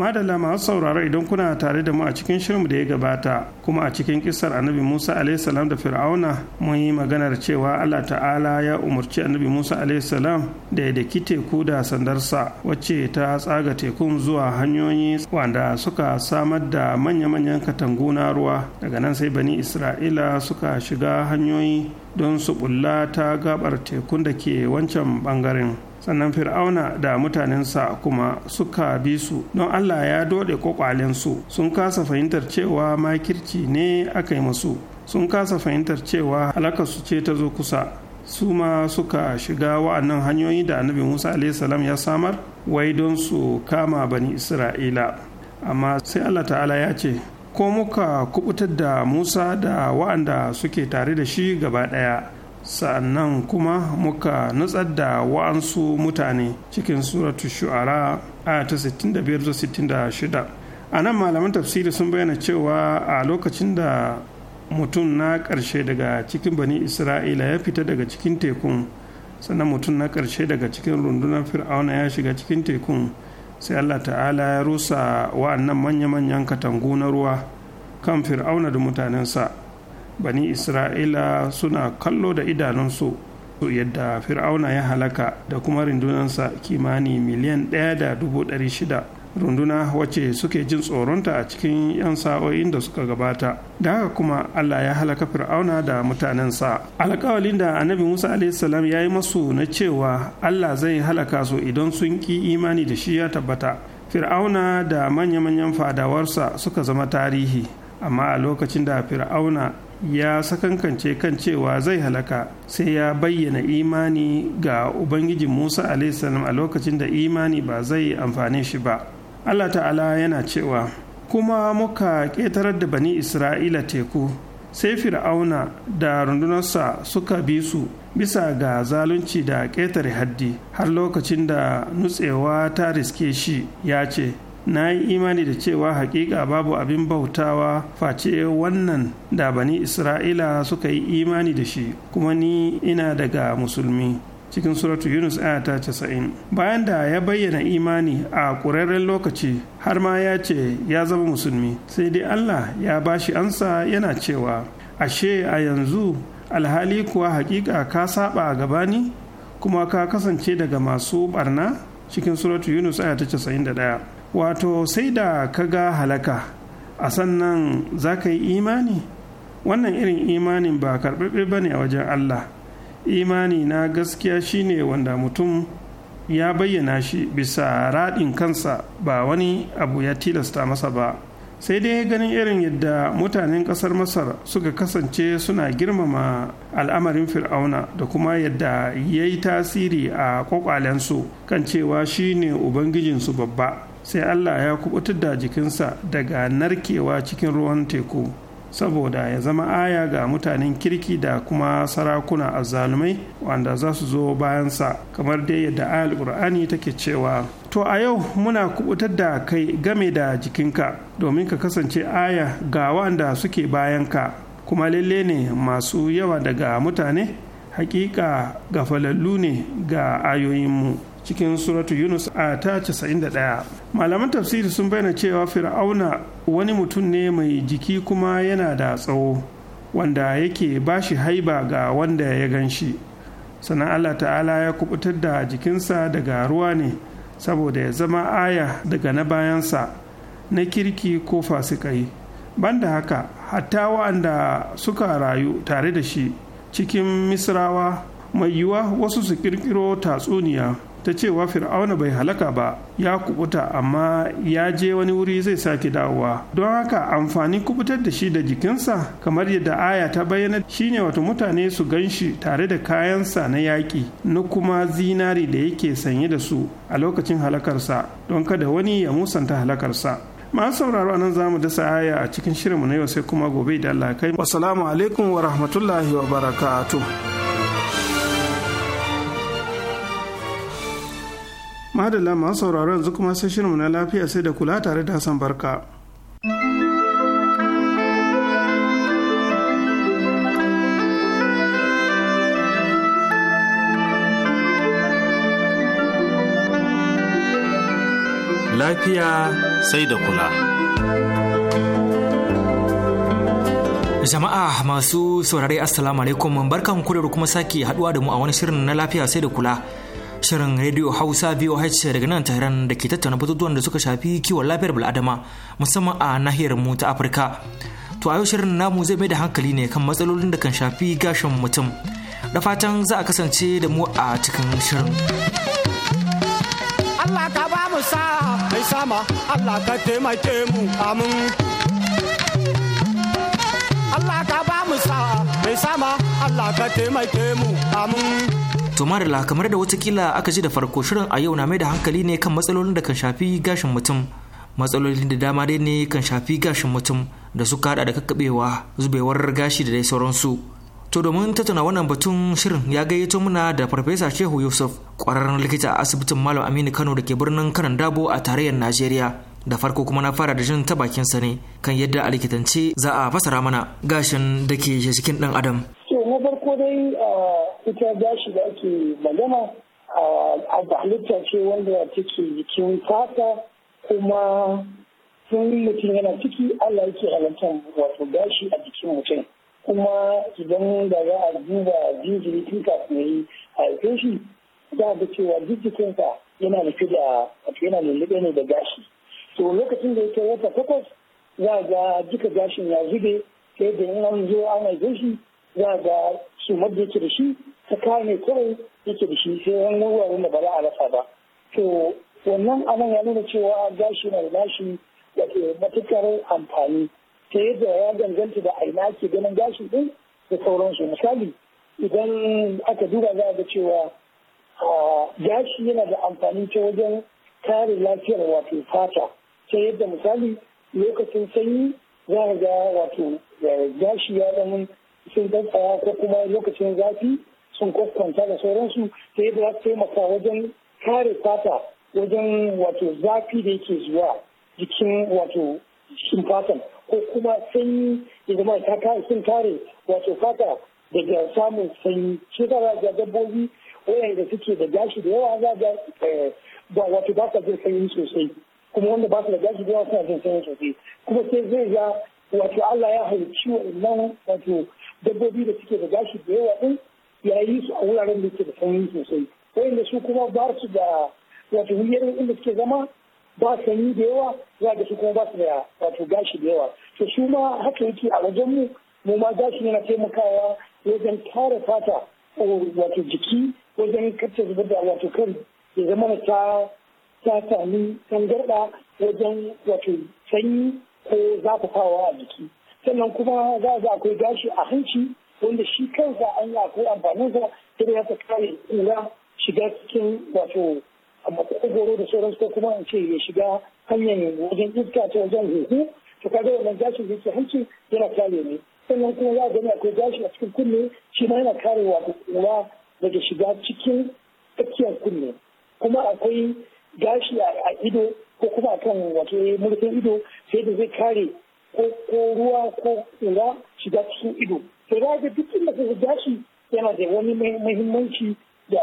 madalla masu sauraro idan kuna tare da mu a cikin shirinmu da ya gabata kuma a cikin kisar annabi musa salam da fir'auna mun yi maganar cewa allah ta'ala ya umarci annabi musa salam da ya daki teku da sandarsa wacce ta tsaga tekun zuwa hanyoyi wanda suka samar da manya-manyan katangu na ruwa daga nan sai bani isra'ila suka shiga hanyoyi don su bulla ta gabar tekun da ke wancan bangaren sannan fir'auna da mutanensa kuma suka bi su don allah ya dode kwakwalensu sun kasa fahimtar cewa makirci ne aka yi masu sun kasa fahimtar cewa su ce ta zo kusa su ma suka shiga wa'annan hanyoyi da annabi musa salam ya samar wai don su kama bani isra'ila amma sai allah ta'ala ya ce ko muka kubutar da musa da wa'anda suke tare da shi gaba ɗaya sa'annan kuma muka nutsar da wa'ansu mutane cikin suratu shu'ara a 65-66 a nan malaman tafsiri sun bayyana cewa a lokacin da mutum na ƙarshe daga cikin bani isra'ila ya fita daga cikin tekun sannan mutum na ƙarshe daga cikin rundunar fir'auna ya shiga cikin tekun sai allah ta'ala ya rusa wa'annan manya-manyan katangu na ruwa kan fir'auna da mutanensa bani isra'ila suna kallo da idanunsu Su yadda fir'auna ya halaka da kuma rundunansa kimani miliyan ɗaya da dubu ɗari shida runduna wacce suke jin tsoronta a cikin 'yan sa'o'in da suka gabata da haka kuma allah ya halaka fir'auna da mutanensa alkawalin da annabi musa salam ya yi masu na cewa allah zai halaka su idan sun ƙi imani da shi ya tabbata fir'auna da manya-manyan fadawarsa suka zama tarihi amma a lokacin da fir'auna ya sakankance kan cewa zai halaka sai ya bayyana imani ga ubangijin musa a lokacin da imani ba zai amfane shi ba allah ta'ala yana cewa kuma muka ƙetarar da bani isra'ila teku sai fir'auna da rundunarsa suka bi su bisa ga zalunci da ƙetare haddi har lokacin da nutsewa ta riske shi ya ce na yi imani da cewa hakika babu abin bautawa face wannan da bani isra'ila suka yi imani da shi kuma ni ina daga musulmi cikin suratu yunus aya ta casa'in bayan da ya bayyana imani a ƙurarren lokaci har ma ya ce ya zama musulmi sai dai allah ya ba shi ansa yana cewa ashe a yanzu alhali kuwa hakika ka saba a ni kuma ka kasance daga masu barna cikin suratu yunus aya ta casa'in da ɗaya wato sai da ka ga halaka a sannan za ka yi imani wannan irin imanin ba karɓaɓɓe ba ne a wajen allah imani na gaskiya shine wanda mutum ya bayyana shi bisa raɗin kansa ba wani abu ya tilasta masa ba sai dai ganin irin yadda mutanen ƙasar masar suka kasance suna girmama al'amarin fir'auna da kuma yadda ya yi tasiri a kwakwalensu kan cewa shine ubangijinsu babba sai allah ya kubutar da jikinsa daga narkewa cikin ruwan teku saboda ya zama aya ga mutanen kirki da kuma sarakuna azzalumai wanda za su zo bayansa kamar dai yadda ayal qur'ani take cewa to a yau muna kubutar da kai game da jikinka domin ka kasance aya ga wanda suke bayanka kuma lalle ne masu yawa daga mutane hakika falallu ne ga ayoyinmu cikin suratu yunus a ta casa'in da 91 malaman tafsiri sun bayyana cewa fir'auna wani mutum ne mai jiki kuma yana da tsawo wanda yake ba shi haiba ga wanda ya gan shi sannan allah ta'ala ya kubutar da jikinsa daga ruwa ne saboda ya zama aya daga na bayansa na kirki ko fasikai banda haka hatta wa'anda suka rayu tare da shi cikin misrawa mai yiwuwa wasu su kirkiro tatsuniya ta cewa fir'auna bai halaka ba ya kubuta amma ya je wani wuri zai sake dawowa don haka amfani kubutar da shi da jikinsa kamar yadda aya ta bayyana shine wato mutane su gan shi tare da kayansa na yaƙi na kuma zinari da yake sanye da su a lokacin halakarsa don kada wani ya musanta halakarsa masu sauraro nan za mu dasa aya a cikin shirinmu na yau sai kuma gobe da Allah kai wasalamu alaikum wa rahmatullahi wa barakatuh madalla masu sauraro yanzu kuma sai shirinmu na lafiya sai da kula tare da hassan barka lafiya sai da kula jama'a masu saurare assalamu alaikum barkan ku kuma sake haduwa da mu a wani shirin na lafiya sai da kula Shirin Radio Hausa biyu VOH daga nan Tehran da ke tattauna batutuwan da suka shafi kiwon lafiyar bil'adama musamman a nahiyar mu ta Afirka. To a yau shirin namu zai mai da hankali ne kan matsalolin da kan shafi gashin mutum. Da fatan za a kasance da mu a cikin shirin. Allah ka ba mu sa mai sama Allah ka taimake mu amin. Allah ka ba mu sa mai sama Allah ka taimake mu amin. To Marila kamar da watakila aka ji da farko shirin a yau na mai da hankali ne kan matsalolin da kan shafi gashin mutum. Matsalolin da dama dai ne kan shafi gashin mutum da suka hada da kakkaɓewa zubewar gashi da dai sauransu. To domin tattauna wannan batun shirin ya gayyato muna da Farfesa Shehu Yusuf kwararren likita a asibitin Malam Aminu Kano da ke birnin Kanan Dabo a tarayyar Najeriya. Da farko kuma na fara da jin ta bakin sa ne kan yadda a likitance za a fasara mana gashin da ke jikin ɗan Adam. farko dai a ita gashi da ake magana a halitta ce wanda take jikin fata kuma sun mutum yana ciki Allah yake halittar wato gashi a jikin mutum kuma idan da za a duba jijiri tun kafin yi a shi za ga cewa jijikinsa yana rufe da wato yana lullube ne da gashi to lokacin da yake wata takwas za a ga duka gashin ya zube sai da yin an zo an haife shi za ga su da yake da shi ta kaya ne kawai yake da shi sai wani wuraren da ba za a rasa ba to wannan anan ya nuna cewa gashi na gashi da ke matukar amfani ta yadda ya danganta da aina ke ganin gashi din da sauransu misali idan aka duba za ga cewa gashi yana da amfani ta wajen kare lafiyar wato fata ta yadda misali lokacin sanyi za a ga wato eh, gashi ya zama sun tsantsaya ko kuma lokacin zafi sun kwaskwanta da sauransu ta yadda za su taimaka wajen kare fata wajen wato zafi da yake zuwa jikin wato jikin fatan ko kuma sanyi ya zama ta kare sun kare wato fata daga samun sanyi shi ta ga dabbobi waɗanda suke da gashi da yawa za ga eh, ba wato ba sa jin sanyi sosai kuma wanda ba su da gashi da yawa suna jin sanyi sosai kuma sai zai ga wato Allah ya halicci wannan wato dabbobi da suke da gashi da yawa din ya yi su a wuraren da ke da sanyi sosai wayanda su kuma ba su da wato wuyar inda suke zama ba sanyi da yawa za da su kuma ba su da wato gashi da yawa to su ma haka yake a wajen mu mu ma gashi yana taimakawa wajen tara fata wato jiki wajen kacce zubar da wato kan ya zama ta ta sami tangarɗa wajen wato sanyi ko zafafawa a jiki sannan kuma za a akwai gashi a hanci wanda shi kansa an yi akwai amfanin ta da yasa ta kare kura shiga cikin wato makogoro da sauransu ko kuma an ce ya shiga hanyar wajen iska ta wajen huhu to kaga wannan gashi da yake hanci yana kare ne sannan kuma za a gani akwai gashi a cikin kunne shi ma yana kare wato kura daga shiga cikin tsakiyar kunne kuma akwai gashi a ido ko kuma akan wato murfin ido sai da zai kare ko ko ruwa ko kura shiga cikin ido to da ga duk inda ka gashi yana da wani muhimmanci da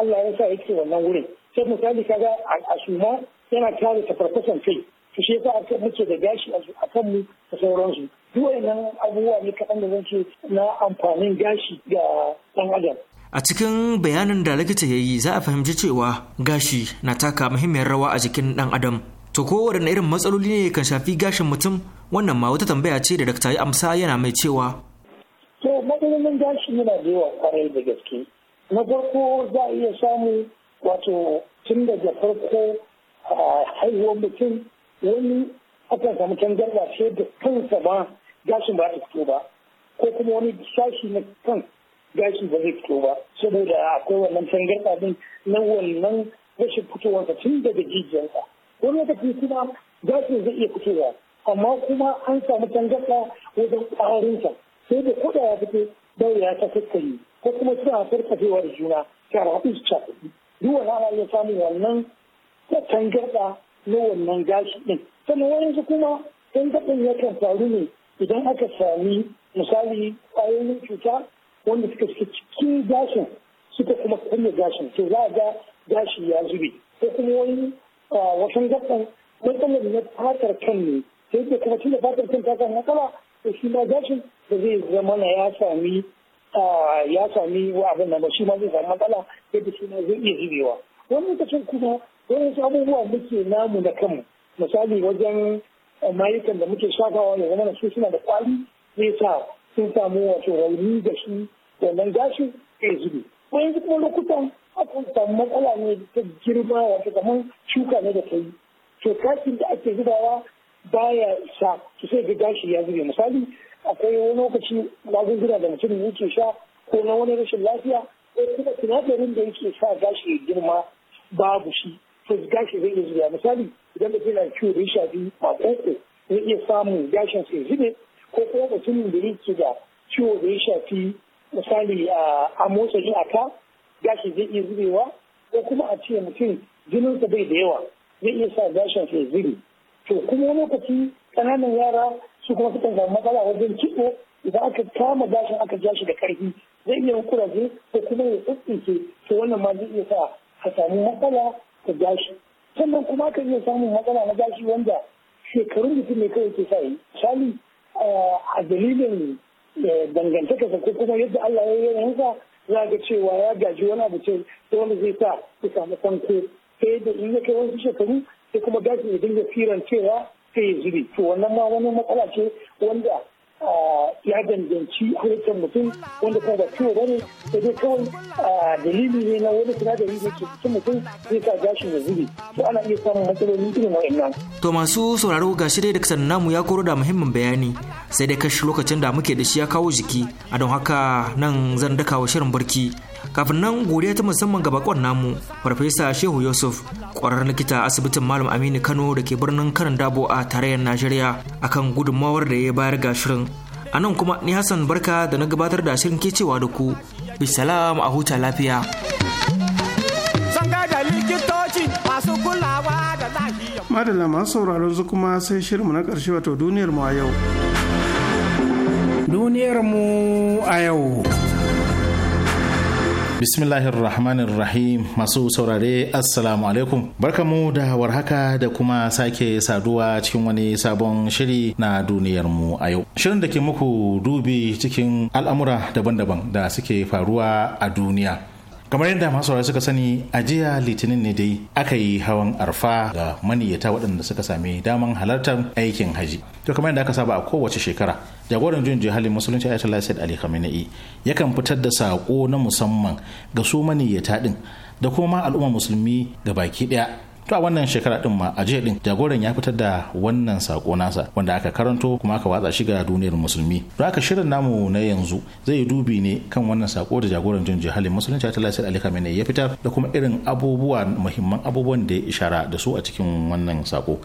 Allah ya sa yake wannan wurin sai misali kaga a suma yana kare tafarkasan kai su shi yasa aka muke da gashi a mu da sauransu duk wannan abubuwa ne kaɗan da zan ce na amfanin gashi ga ɗan adam a cikin bayanin da likita ya yi za a fahimci cewa gashi na taka muhimmiyar rawa a jikin ɗan adam to kowane irin matsaloli ne kan shafi gashin mutum wannan ma wata tambaya ce da dakta amsa yana mai cewa to matsalolin gashi yana da yawa kwarai da gaske na farko za a iya samu wato tun daga farko a haihuwar mutum wani akan samu tangarda ce da kansa ba gashin ba ta fito ba ko kuma wani sashi na kan gashi ba zai fito ba saboda akwai wannan tangarda din na wannan rashin fitowarsa tun daga jijiyarsa wani lokaci kuma gashin zai iya fitowa amma kuma an samu tangarɗa wajen ƙwarinsa sai da kuɗa ya fito daure ya ta kakkari ko kuma suna farfafewa da juna ta rabu su cakuɗi duk wani ana iya samun wannan tangarɗa na wannan gashi ɗin sannan su kuma ya kan faru ne idan aka sami misali ƙwayoyin cuta wanda suka fi cikin gashin suka kuma kulle gashin to za a ga gashi ya zube ko kuma wani ah, wasan gaban matsalar na fatar kan ne ta yadda kuma tun da fatar kan ta samu matsala to shi ma gashin da zai zama na ya sami ya sami wa abin nan ba shi ma zai sami matsala yadda shi ma zai iya zubewa wani lokacin kuma wani abubuwa muke namu na kanmu misali wajen mayukan da muke shafawa ya zama su suna da kwali zai sa sun samu wato rauni da shi wannan gashin zai zube ko yanzu kuma lokutan akan samu matsala ne ta girma wato kamar shuka ne da ta yi to kashin da ake zubawa baya sa ki sai ga gashi ya zube misali akwai wani lokaci magunguna da mutum yake sha ko na wani rashin lafiya ko kuma sinadarin da yake sa gashi ya girma babu shi to gashi zai iya zubewa misali idan da yana ciwo da ya shafi makoko ya iya samun gashin sai zube ko kuma mutumin da yake da ciwo da ya shafi misali a motsa yi a ka gashi zai iya zubewa ko kuma a ce mutum jininsa bai da yawa zai iya sa gashin sai zube to kuma wani lokaci ƙananan yara su kuma suka samu matsala wajen kiɗo idan aka kama gashin aka ja shi da ƙarfi zai iya kuraje ko kuma ya tsintsince to wannan ma zai iya sa a samu matsala ta gashi sannan kuma aka iya samun matsala na gashi wanda shekarun mutum ne kawai ke sa yi misali eh, a dalilin eh, dangantaka ko kuma yadda Allah ya yi yansa za ga cewa ya gaji wani abu ce wanda zai sa ya samu sanko sai da in ya kai wasu shekaru sai kuma gashin ya dinga firan cewa sai ya zube to wannan ma wani matsala ce wanda ya danganci halittar mutum wanda kuma ba ciwo bane da dai kawai dalili ne na wani sinadari da ke cikin mutum zai sa gashin ya zube to ana iya samun matsaloli irin wa'annan. to masu sauraro ga shi dai da namu ya koro da muhimmin bayani sai dai kashi lokacin da muke da shi ya kawo jiki a don haka nan zan daka wa shirin barki kafin nan godiya ta musamman ga bakon namu farfesa shehu yusuf kwarar likita asibitin malam aminu kano da ke birnin karin dabo a tarayyar najeriya akan gudunmawar da ya bayar ga shirin a nan kuma ni hassan barka da na gabatar da shirin cewa da ku bisalam a huta lafiya madalla masu sauraro su kuma sai shirinmu na ƙarshe wato duniyar mu a yau duniyar mu a yau bismillahir rahmanir rahim masu saurare assalamu alaikum barkamu da warhaka da kuma sake saduwa cikin wani sabon shiri na duniyar mu a yau shirin da ke muku dubi cikin al'amura daban-daban da suke faruwa a duniya kamar yadda masu suka sani a jiya litinin ne dai aka yi hawan arfa ga maniyyata waɗanda suka sami daman halartar aikin haji to kamar yadda aka saba a kowace shekara jagoran juyin halin musulunci ayatollah said ali khamenei yakan fitar da saƙo na musamman ga su maniyyata ɗin da kuma ma al'ummar musulmi ga baki ɗaya to a wannan shekara din ma a jiya din jagoran ya fitar da wannan sako nasa wanda aka karanto kuma aka watsa shi ga duniyar musulmi don aka shirin namu na yanzu zai yi dubi ne kan wannan sako da jagoran jin jihalin musulunci ta lasir ali khamenei ya fitar da kuma irin abubuwa muhimman abubuwan da ya ishara da su a cikin wannan sako.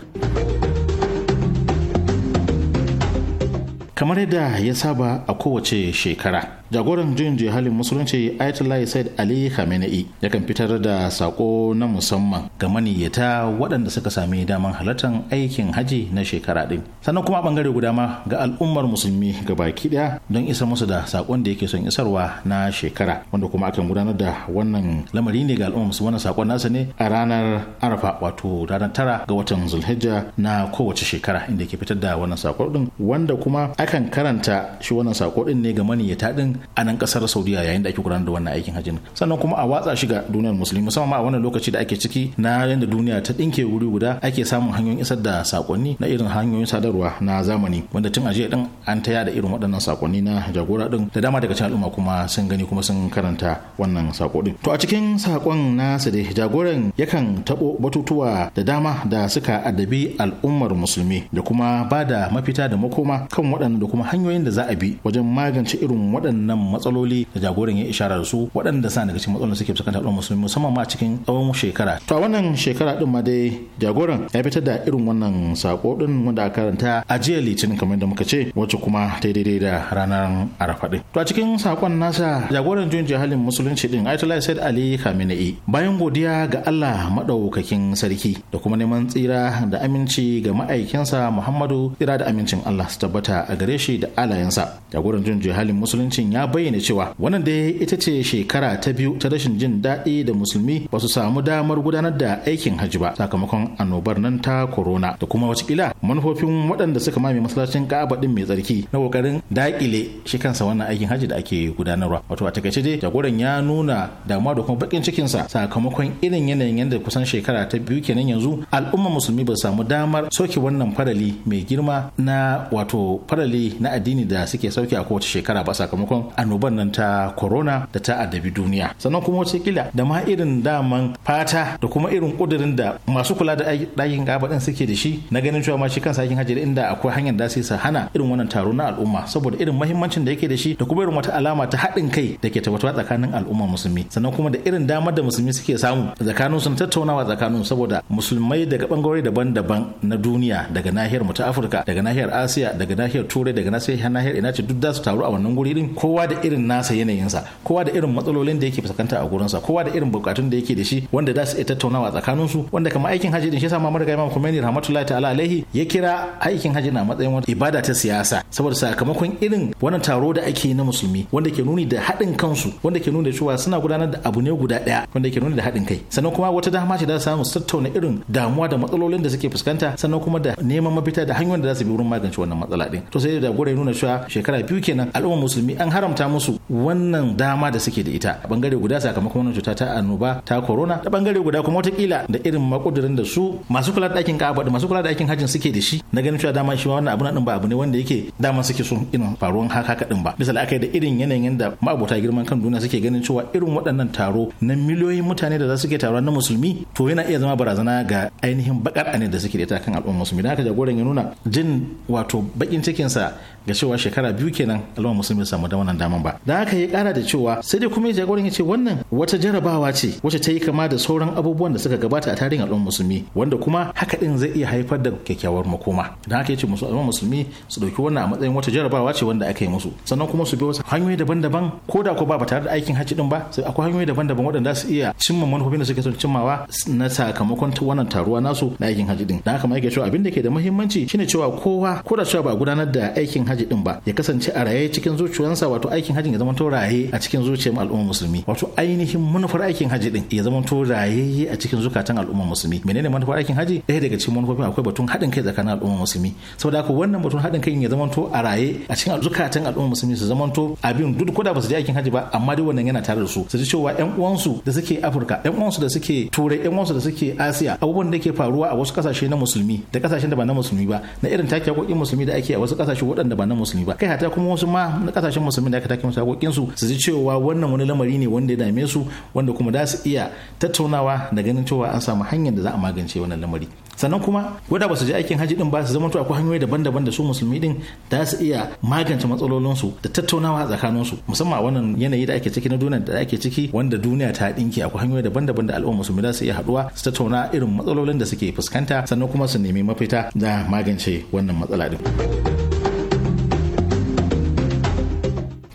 kamar yadda ya saba a kowace shekara jagoran juyin jihalin musulunci ayatollah said ali khamenei yakan fitar da sako na musamman ga maniyyata waɗanda suka sami daman halartar aikin haji na shekara ɗin sannan kuma bangare guda ma ga al'ummar musulmi ga baki ɗaya don isa musu da sakon da yake son isarwa na shekara wanda kuma akan gudanar da wannan lamari ne ga al'ummar musulmi wannan sakon nasa ne a ranar arafa wato ranar tara ga watan zulhijja na kowace shekara inda ke fitar da wannan sakon ɗin wanda kuma akan karanta shi wannan sako din ne ga maniyyata din a nan kasar saudiya yayin da ake gudanar da wannan aikin hajjin sannan kuma a watsa shi ga duniyar musulmi musamman a wannan lokaci da ake ciki na yadda duniya ta dinke wuri guda ake samun hanyoyin isar da sakonni na irin hanyoyin sadarwa na zamani wanda tun ajiya din an taya da irin waɗannan sakonni na jagora din da dama daga cikin al'umma kuma sun gani kuma sun karanta wannan sako din to a cikin sakon nasa da jagoran yakan tabo batutuwa da dama da suka addabi al'ummar musulmi da kuma ba da mafita da makoma kan waɗannan da kuma hanyoyin da za a bi wajen magance irin waɗannan matsaloli da jagoran ya ishara da su waɗanda sa daga cikin matsalolin suke fuskanta al'umma musulmi musamman ma cikin tsawon shekara to a wannan shekara din ma dai jagoran ya fitar da irin wannan sako din wanda aka karanta a jiya litinin kamar da muka ce wacce kuma ta daidai da ranar arafa din to a cikin sakon nasa jagoran juyin halin musulunci din ayatollah said ali khamenei bayan godiya ga allah maɗaukakin sarki da kuma neman tsira da aminci ga ma'aikinsa muhammadu tsira da amincin allah su tabbata a gare shi da alayensa jagoran jin jihalin musuluncin ya bayyana cewa wannan da ita ce shekara ta biyu ta rashin jin daɗi da musulmi ba su samu damar gudanar da aikin hajji ba sakamakon annobar nan ta corona da kuma watakila manufofin waɗanda suka mame masallacin ka'aba din mai tsarki na kokarin daƙile shi kansa wannan aikin hajji da ake gudanarwa wato a takaice dai jagoran ya nuna damuwa da kuma bakin cikin sa sakamakon irin yanayin yadda kusan shekara ta biyu kenan yanzu al'umma musulmi ba su samu damar soke wannan farali mai girma na wato farali farali na addini da suke sauke a kowace shekara ba sakamakon annoban nan ta corona da ta addabi duniya sannan kuma wace kila da ma irin daman fata da kuma irin kudirin da masu kula da ɗakin gaba din suke da shi na ganin cewa ma shi kansa aikin hajji inda akwai hanyar da su hana irin wannan taro na al'umma saboda irin mahimmancin da yake da shi da kuma irin wata alama ta haɗin kai da ke tabbatuwa tsakanin al'umma musulmi sannan kuma da irin damar da musulmi suke samu tsakanin su tattaunawa tsakanin saboda musulmai daga bangarori daban-daban na duniya daga nahiyar mu ta Afirka daga nahiyar Asiya daga nahiyar Turai turai daga nasu nahiyar ina ce duk za su taru a wannan guri din kowa da irin nasa yanayinsa kowa da irin matsalolin da yake fuskanta a gurinsa kowa da irin bukatun da yake da shi wanda za su iya tattaunawa tsakanin su wanda kamar aikin haji din shi yasa mamar gaimam Khomeini rahmatullahi ta'ala alaihi ya kira aikin haji na matsayin wata ibada ta siyasa saboda sakamakon irin wannan taro da ake na musulmi wanda ke nuni da haɗin kansu wanda ke nuni da cewa suna gudanar da abu ne guda ɗaya wanda ke nuni da haɗin kai sannan kuma wata dama ce da samu su tattauna irin damuwa da matsalolin da suke fuskanta sannan kuma da neman mafita da hanyoyin da za su bi wurin magance wannan matsala din to sai sai da gure nuna cewa shekara biyu kenan al'ummar musulmi an haramta musu wannan dama da suke da ita a bangare guda sakamakon wannan cuta ta annoba ta corona da bangare guda kuma watakila da irin makudurin da su masu kula da ɗakin ka'aba da masu kula da ɗakin hajjin suke da shi na ganin cewa dama shi wannan abu na din ba abu ne wanda yake dama suke so irin faruwan haka haka din ba misali akai da irin yanayin da ma'abota girman kan duniya suke ganin cewa irin waɗannan taro na miliyoyin mutane da za su ke taron na musulmi to yana iya zama barazana ga ainihin bakar ne da suke da ita kan al'ummar musulmi da haka jagoran ya nuna jin wato bakin cikin presença ga cewa shekara biyu kenan al'umma musulmi samu da wannan daman ba da haka ya kara da cewa sai dai kuma ya jagoran ya ce wannan wata jarabawa ce wacce ta yi kama da sauran abubuwan da suka gabata a tarihin al'umma musulmi wanda kuma haka din zai iya haifar da kyakkyawar makoma da haka ya ce al'umma musulmi su dauki wannan a matsayin wata jarabawa ce wanda aka yi musu sannan kuma su bi wasu hanyoyi daban-daban ko da ko ba tare da aikin hajji din ba sai akwai hanyoyi daban-daban waɗanda su iya cimma manufofin da suke son cimmawa na sakamakon wannan taruwa nasu na aikin hajji din da haka ma yake cewa abin da ke da muhimmanci shine cewa kowa ko da cewa ba gudanar da aikin hajji haji din ba ya kasance a raye cikin zuciyarsa wato aikin hajin ya zama to raye a cikin zuciyar al'umma musulmi wato ainihin manufar aikin haji din ya zama to raye a cikin zukatan al'umma musulmi menene manufar aikin haji ɗaya daga cikin manufofin akwai batun haɗin kai tsakanin al'umma musulmi saboda haka wannan batun haɗin kai ya zama to a raye a cikin zukatan al'umma musulmi su zama to abin duk koda ba su je aikin haji ba amma dai wannan yana tare da su su ji cewa ƴan uwansu da suke Afirka ƴan uwansu da suke Turai ƴan uwansu da suke Asiya abubuwan da ke faruwa a wasu kasashe na musulmi da kasashen da ba na musulmi ba na irin take hakokin musulmi da ake a wasu kasashe waɗanda ba na musulmi ba kai hata kuma wasu ma na kasashen musulmi da aka take musu hakokin su su ji cewa wannan wani lamari ne wanda ya dame su wanda kuma da su iya tattaunawa da ganin cewa an samu hanyar da za a magance wannan lamari sannan kuma wadda ba su je aikin haji din ba su zama to akwai hanyoyi daban-daban da su musulmi din da su iya magance matsalolinsu da tattaunawa tsakaninsu musamman a wannan yanayi da ake ciki na duniya da ake ciki wanda duniya ta dinki akwai hanyoyi daban-daban da al'umma musulmi za su iya haduwa su tattauna irin matsalolin da suke fuskanta sannan kuma su nemi mafita da magance wannan matsala din.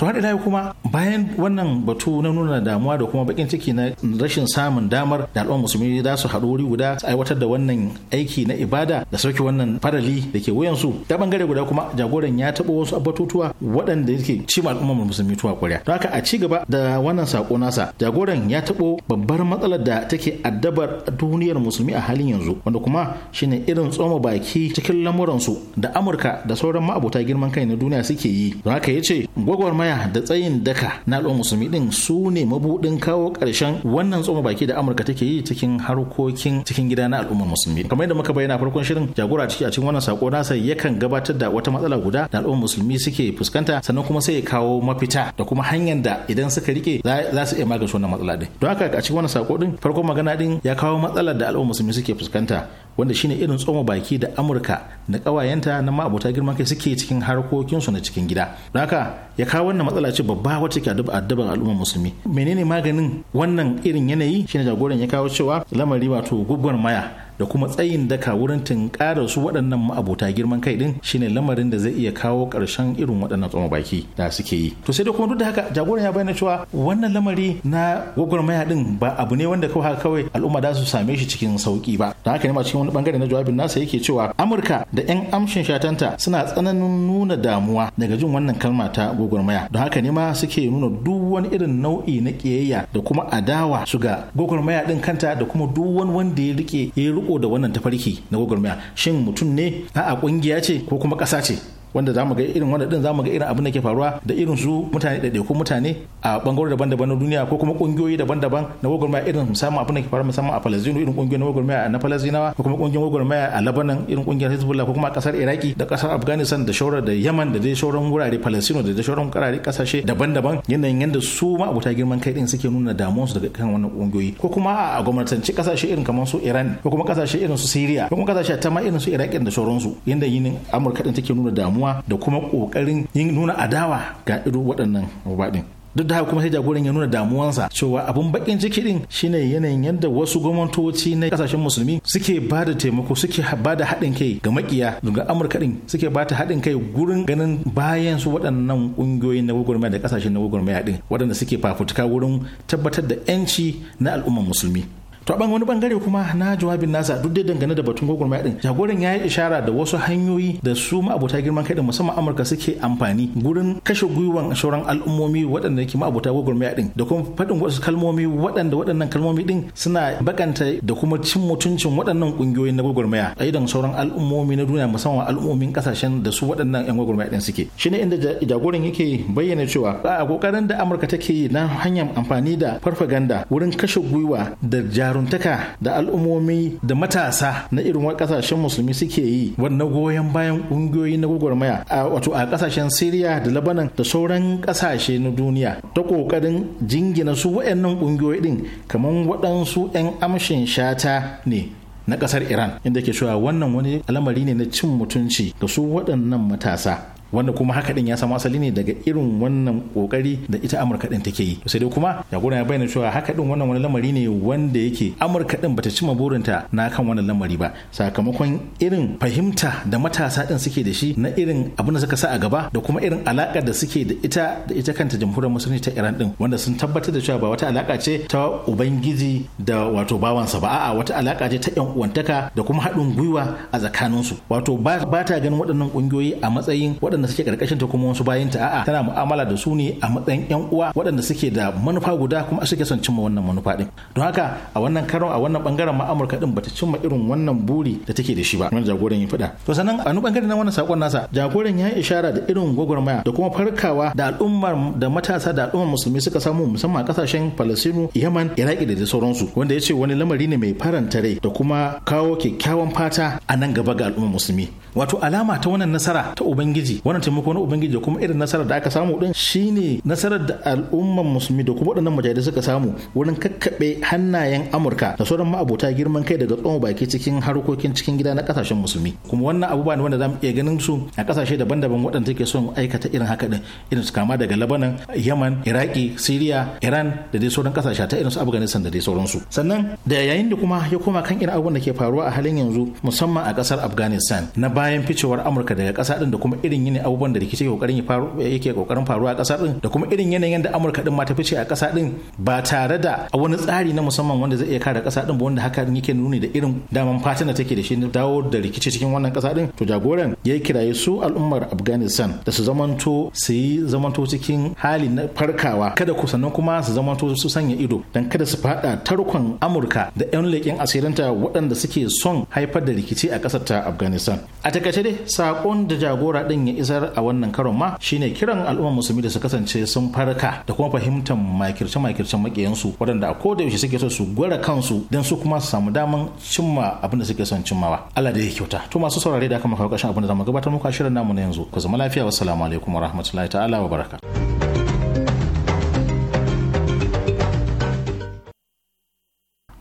to haɗe layi kuma bayan wannan batu na nuna damuwa da kuma bakin ciki na rashin samun damar da al'umma musulmi za su haɗu wuri guda su aiwatar da wannan aiki na ibada da sauke wannan farali da ke wuyansu ta bangare guda kuma jagoran ya taɓa wasu batutuwa waɗanda yake ci al'umman musulmi tuwa ƙwarya to haka a ci gaba da wannan sako nasa jagoran ya taɓo babbar matsalar da take addabar duniyar musulmi a halin yanzu wanda kuma shine irin tsoma baki cikin lamuransu da amurka da sauran ma'abota girman kai na duniya suke yi don haka ya ce gwagwarmaya tsaya da tsayin daka na al'ummar musulmi din su ne mabudin kawo karshen wannan tsoma baki da amurka take yi cikin harkokin cikin gida na al'ummar musulmi kamar yadda muka bayyana farkon shirin jagora ciki a cikin wannan sako nasa yakan gabatar da wata matsala guda da al'ummar musulmi suke fuskanta sannan kuma sai ya kawo mafita da kuma hanyar da idan suka rike za su iya magance wannan matsala din don haka a cikin wannan sako din farkon magana din ya kawo matsalar da al'ummar musulmi suke fuskanta wanda shine irin tsoma baki da amurka na ƙawayenta na ma'abuta girman kai suke cikin harkokinsu na cikin gida haka ya kawo wannan matsala ce babba wacce ke addaban al'ummar musulmi menene maganin wannan irin yanayi shine jagoran ya kawo cewa lamari wato gugwar maya da kuma tsayin daka wurin tunkarar su waɗannan ma'abota girman kai din shine lamarin da zai iya kawo ƙarshen irin waɗannan tsoma baki da suke yi to sai dai kuma duk da haka jagoran ya bayyana cewa wannan lamari na gwagwarmaya din ba abu ne wanda kawai kawai al'umma za su same shi cikin sauki ba da haka ne ma cikin wani bangare na jawabin nasa yake cewa amurka da yan amshin shatanta suna tsananin nuna damuwa daga jin wannan kalma ta gwagwarmaya don haka ne ma suke nuna duk wani irin nau'i na kiyayya da kuma adawa su ga gwagwarmaya din kanta da kuma duk wani wanda ya rike ya riko da wannan tafarki na gwagwarmaya shin mutum ne a'a kungiya ce ko kuma ƙasa ce wanda zamu ga irin wanda din zamu ga irin abin da ke faruwa da irin su mutane da ko mutane a bangarori daban-daban na duniya ko kuma kungiyoyi daban-daban na gwagwarmaya irin musamman abin da ke faruwa musamman a Palestine irin kungiyoyin na gwagwarmaya na Palestinawa ko kuma kungiyoyin gwagwarmaya a Lebanon irin kungiyar Hezbollah ko kuma kasar Iraki da kasar Afghanistan da shaura da Yaman da dai shauran wurare Palestino da dai shauran karare kasashe daban-daban yanayin yanda su ma abuta girman kai din suke nuna su daga kan wannan kungiyoyi ko kuma a gwamnatanci kasashe irin kamar su Iran ko kuma kasashe irin su Syria ko kuma kasashe ta ma irin su Iraki da shauransu yanda yinin Amurka din take nuna damuwa damuwa da kuma kokarin yin nuna adawa ga iru waɗannan rubaɗin duk da haka kuma sai jagoran ya nuna damuwansa cewa abun bakin ciki din shine yanayin yadda wasu gwamnatoci na kasashen musulmi suke ba da taimako suke ba da haɗin kai ga makiya ga amurka din suke ba ta haɗin kai gurin ganin bayan su waɗannan ƙungiyoyi na gwagwarmaya da kasashen na gwagwarmaya din waɗanda suke fafutuka wurin tabbatar da 'yanci na al'ummar musulmi to a wani bangare kuma na jawabin nasa duk da dangane da batun gwagwarmaya din jagoran ya yi ishara da wasu hanyoyi da su ma'abota girman kai da musamman amurka suke amfani gurin kashe gwiwan sauran al'ummomi waɗanda ke ma'abota gwagwarmaya din da kuma faɗin wasu kalmomi waɗanda waɗannan kalmomi din suna bakanta da kuma cin mutuncin waɗannan ƙungiyoyin na gwagwarmaya a idan sauran al'ummomi na duniya musamman al'ummomin ƙasashen da su waɗannan 'yan gwagwarmaya din suke shine inda jagoran yake bayyana cewa a kokarin da amurka take na hanyar amfani da farfaganda wurin kashe gwiwa da jaruntaka da al'ummomi da matasa na irin wani kasashen musulmi suke yi wannan goyon bayan kungiyoyi na gwagwarmaya a wato a kasashen Siriya da Labanan da sauran kasashe na duniya ta kokarin jingina su waɗannan kungiyoyi din kamar waɗansu 'yan amshin shata ne na kasar Iran inda ke cewa wannan wani alamari ne na cin mutunci ga su waɗannan matasa wanda kuma haka din ya samu asali ne daga irin wannan kokari da ita amurka din take yi sai dai kuma jagoran ya bayyana cewa haka din wannan wani lamari ne wanda yake amurka din bata cima burinta na kan wannan lamari ba sakamakon irin fahimta da matasa din suke da shi na irin abin da suka sa a gaba da kuma irin alaƙa da suke da ita da ita kanta jamhuriyar musulunci ta iran din wanda sun tabbatar da cewa ba wata alaka ce ta ubangiji da wato bawansa ba a'a wata alaka ce ta yan uwantaka da kuma haɗin gwiwa a tsakaninsu wato ba ta ganin waɗannan ƙungiyoyi a matsayin waɗannan waɗanda suke ƙarƙashin ta kuma wasu bayanta a'a tana mu'amala da su ne a matsayin yan uwa waɗanda suke da manufa guda kuma suke son cimma wannan manufa din don haka a wannan karon a wannan bangaren ma Amurka din bata cimma irin wannan buri da take da shi ba wannan jagoran ya faɗa to sannan a bangaren na wannan sakon nasa jagoran ya yi ishara da irin gwagwarmaya da kuma farkawa da al'ummar da matasa da al'ummar musulmi suka samu musamman kasashen Falasinu Yaman Iraki da sauransu wanda ya ce wani lamari ne mai faranta rai da kuma kawo kyakkyawan fata a nan gaba ga al'ummar musulmi wato alama ta wannan nasara ta ubangiji wannan taimako na ubangiji da kuma irin nasarar da aka samu din shine nasarar da al'umman musulmi da kuma waɗannan mujahidai suka samu wurin kakkaɓe hannayen amurka da sauran ma'abota girman kai daga tsawon baki cikin harkokin cikin gida na kasashen musulmi kuma wannan abubuwa ne wanda zamu iya ganin su a kasashe daban-daban waɗanda take son aikata irin haka din irin su kama daga labanan yaman iraki siriya iran da dai sauran kasashe ta irin su afghanistan da dai sauransu sannan da yayin da kuma ya koma kan irin abubuwan da ke faruwa a halin yanzu musamman a kasar afghanistan na bayan ficewar amurka daga kasa din da kuma irin yini abubuwan da rikici kokarin yake kokarin faruwa a kasar din da kuma irin yanayin da amurka din ma ta fice a kasa din ba tare da wani tsari na musamman wanda zai iya kare kasa din ba wanda haka yake nuni da irin daman fatan da take da shi dawo da rikici cikin wannan kasa din to jagoran ya kiraye su al'ummar afghanistan da su zamanto su yi zamanto cikin hali na farkawa kada ku sannan kuma su zamanto su sanya ido dan kada su fada tarkon amurka da yan leƙen asirinta waɗanda suke son haifar da rikici a ƙasar ta afghanistan a takaice dai saƙon da jagora din ya isar a wannan karon ma shine kiran al'ummar musulmi da su kasance sun farka da kuma fahimtar makirce-makircen makiyansu waɗanda a koda yaushe suke so su gwara kansu don su kuma su samu daman cimma abin da suke son cimmawa Allah da ya kyauta to masu saurare da aka maka ƙarshen abin da zamu gabatar muku a shirin namu na yanzu ku zama lafiya wassalamu alaikum warahmatullahi ta'ala wa baraka.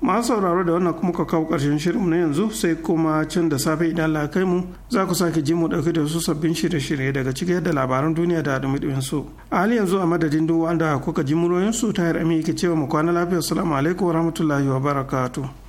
masu sauraro da wannan kuma ka kawo ƙarshen shirinmu na yanzu sai kuma can da safe idan Allah kai mu za ku sake ji mu ɗauki da su sabbin shirye-shirye daga cikin yadda labaran duniya da ɗin su a hali yanzu a madadin duk wanda kuka ji muroyin su ta yar ke cewa mu kwana lafiya salamu alaikum wa rahmatullahi wa barakatuh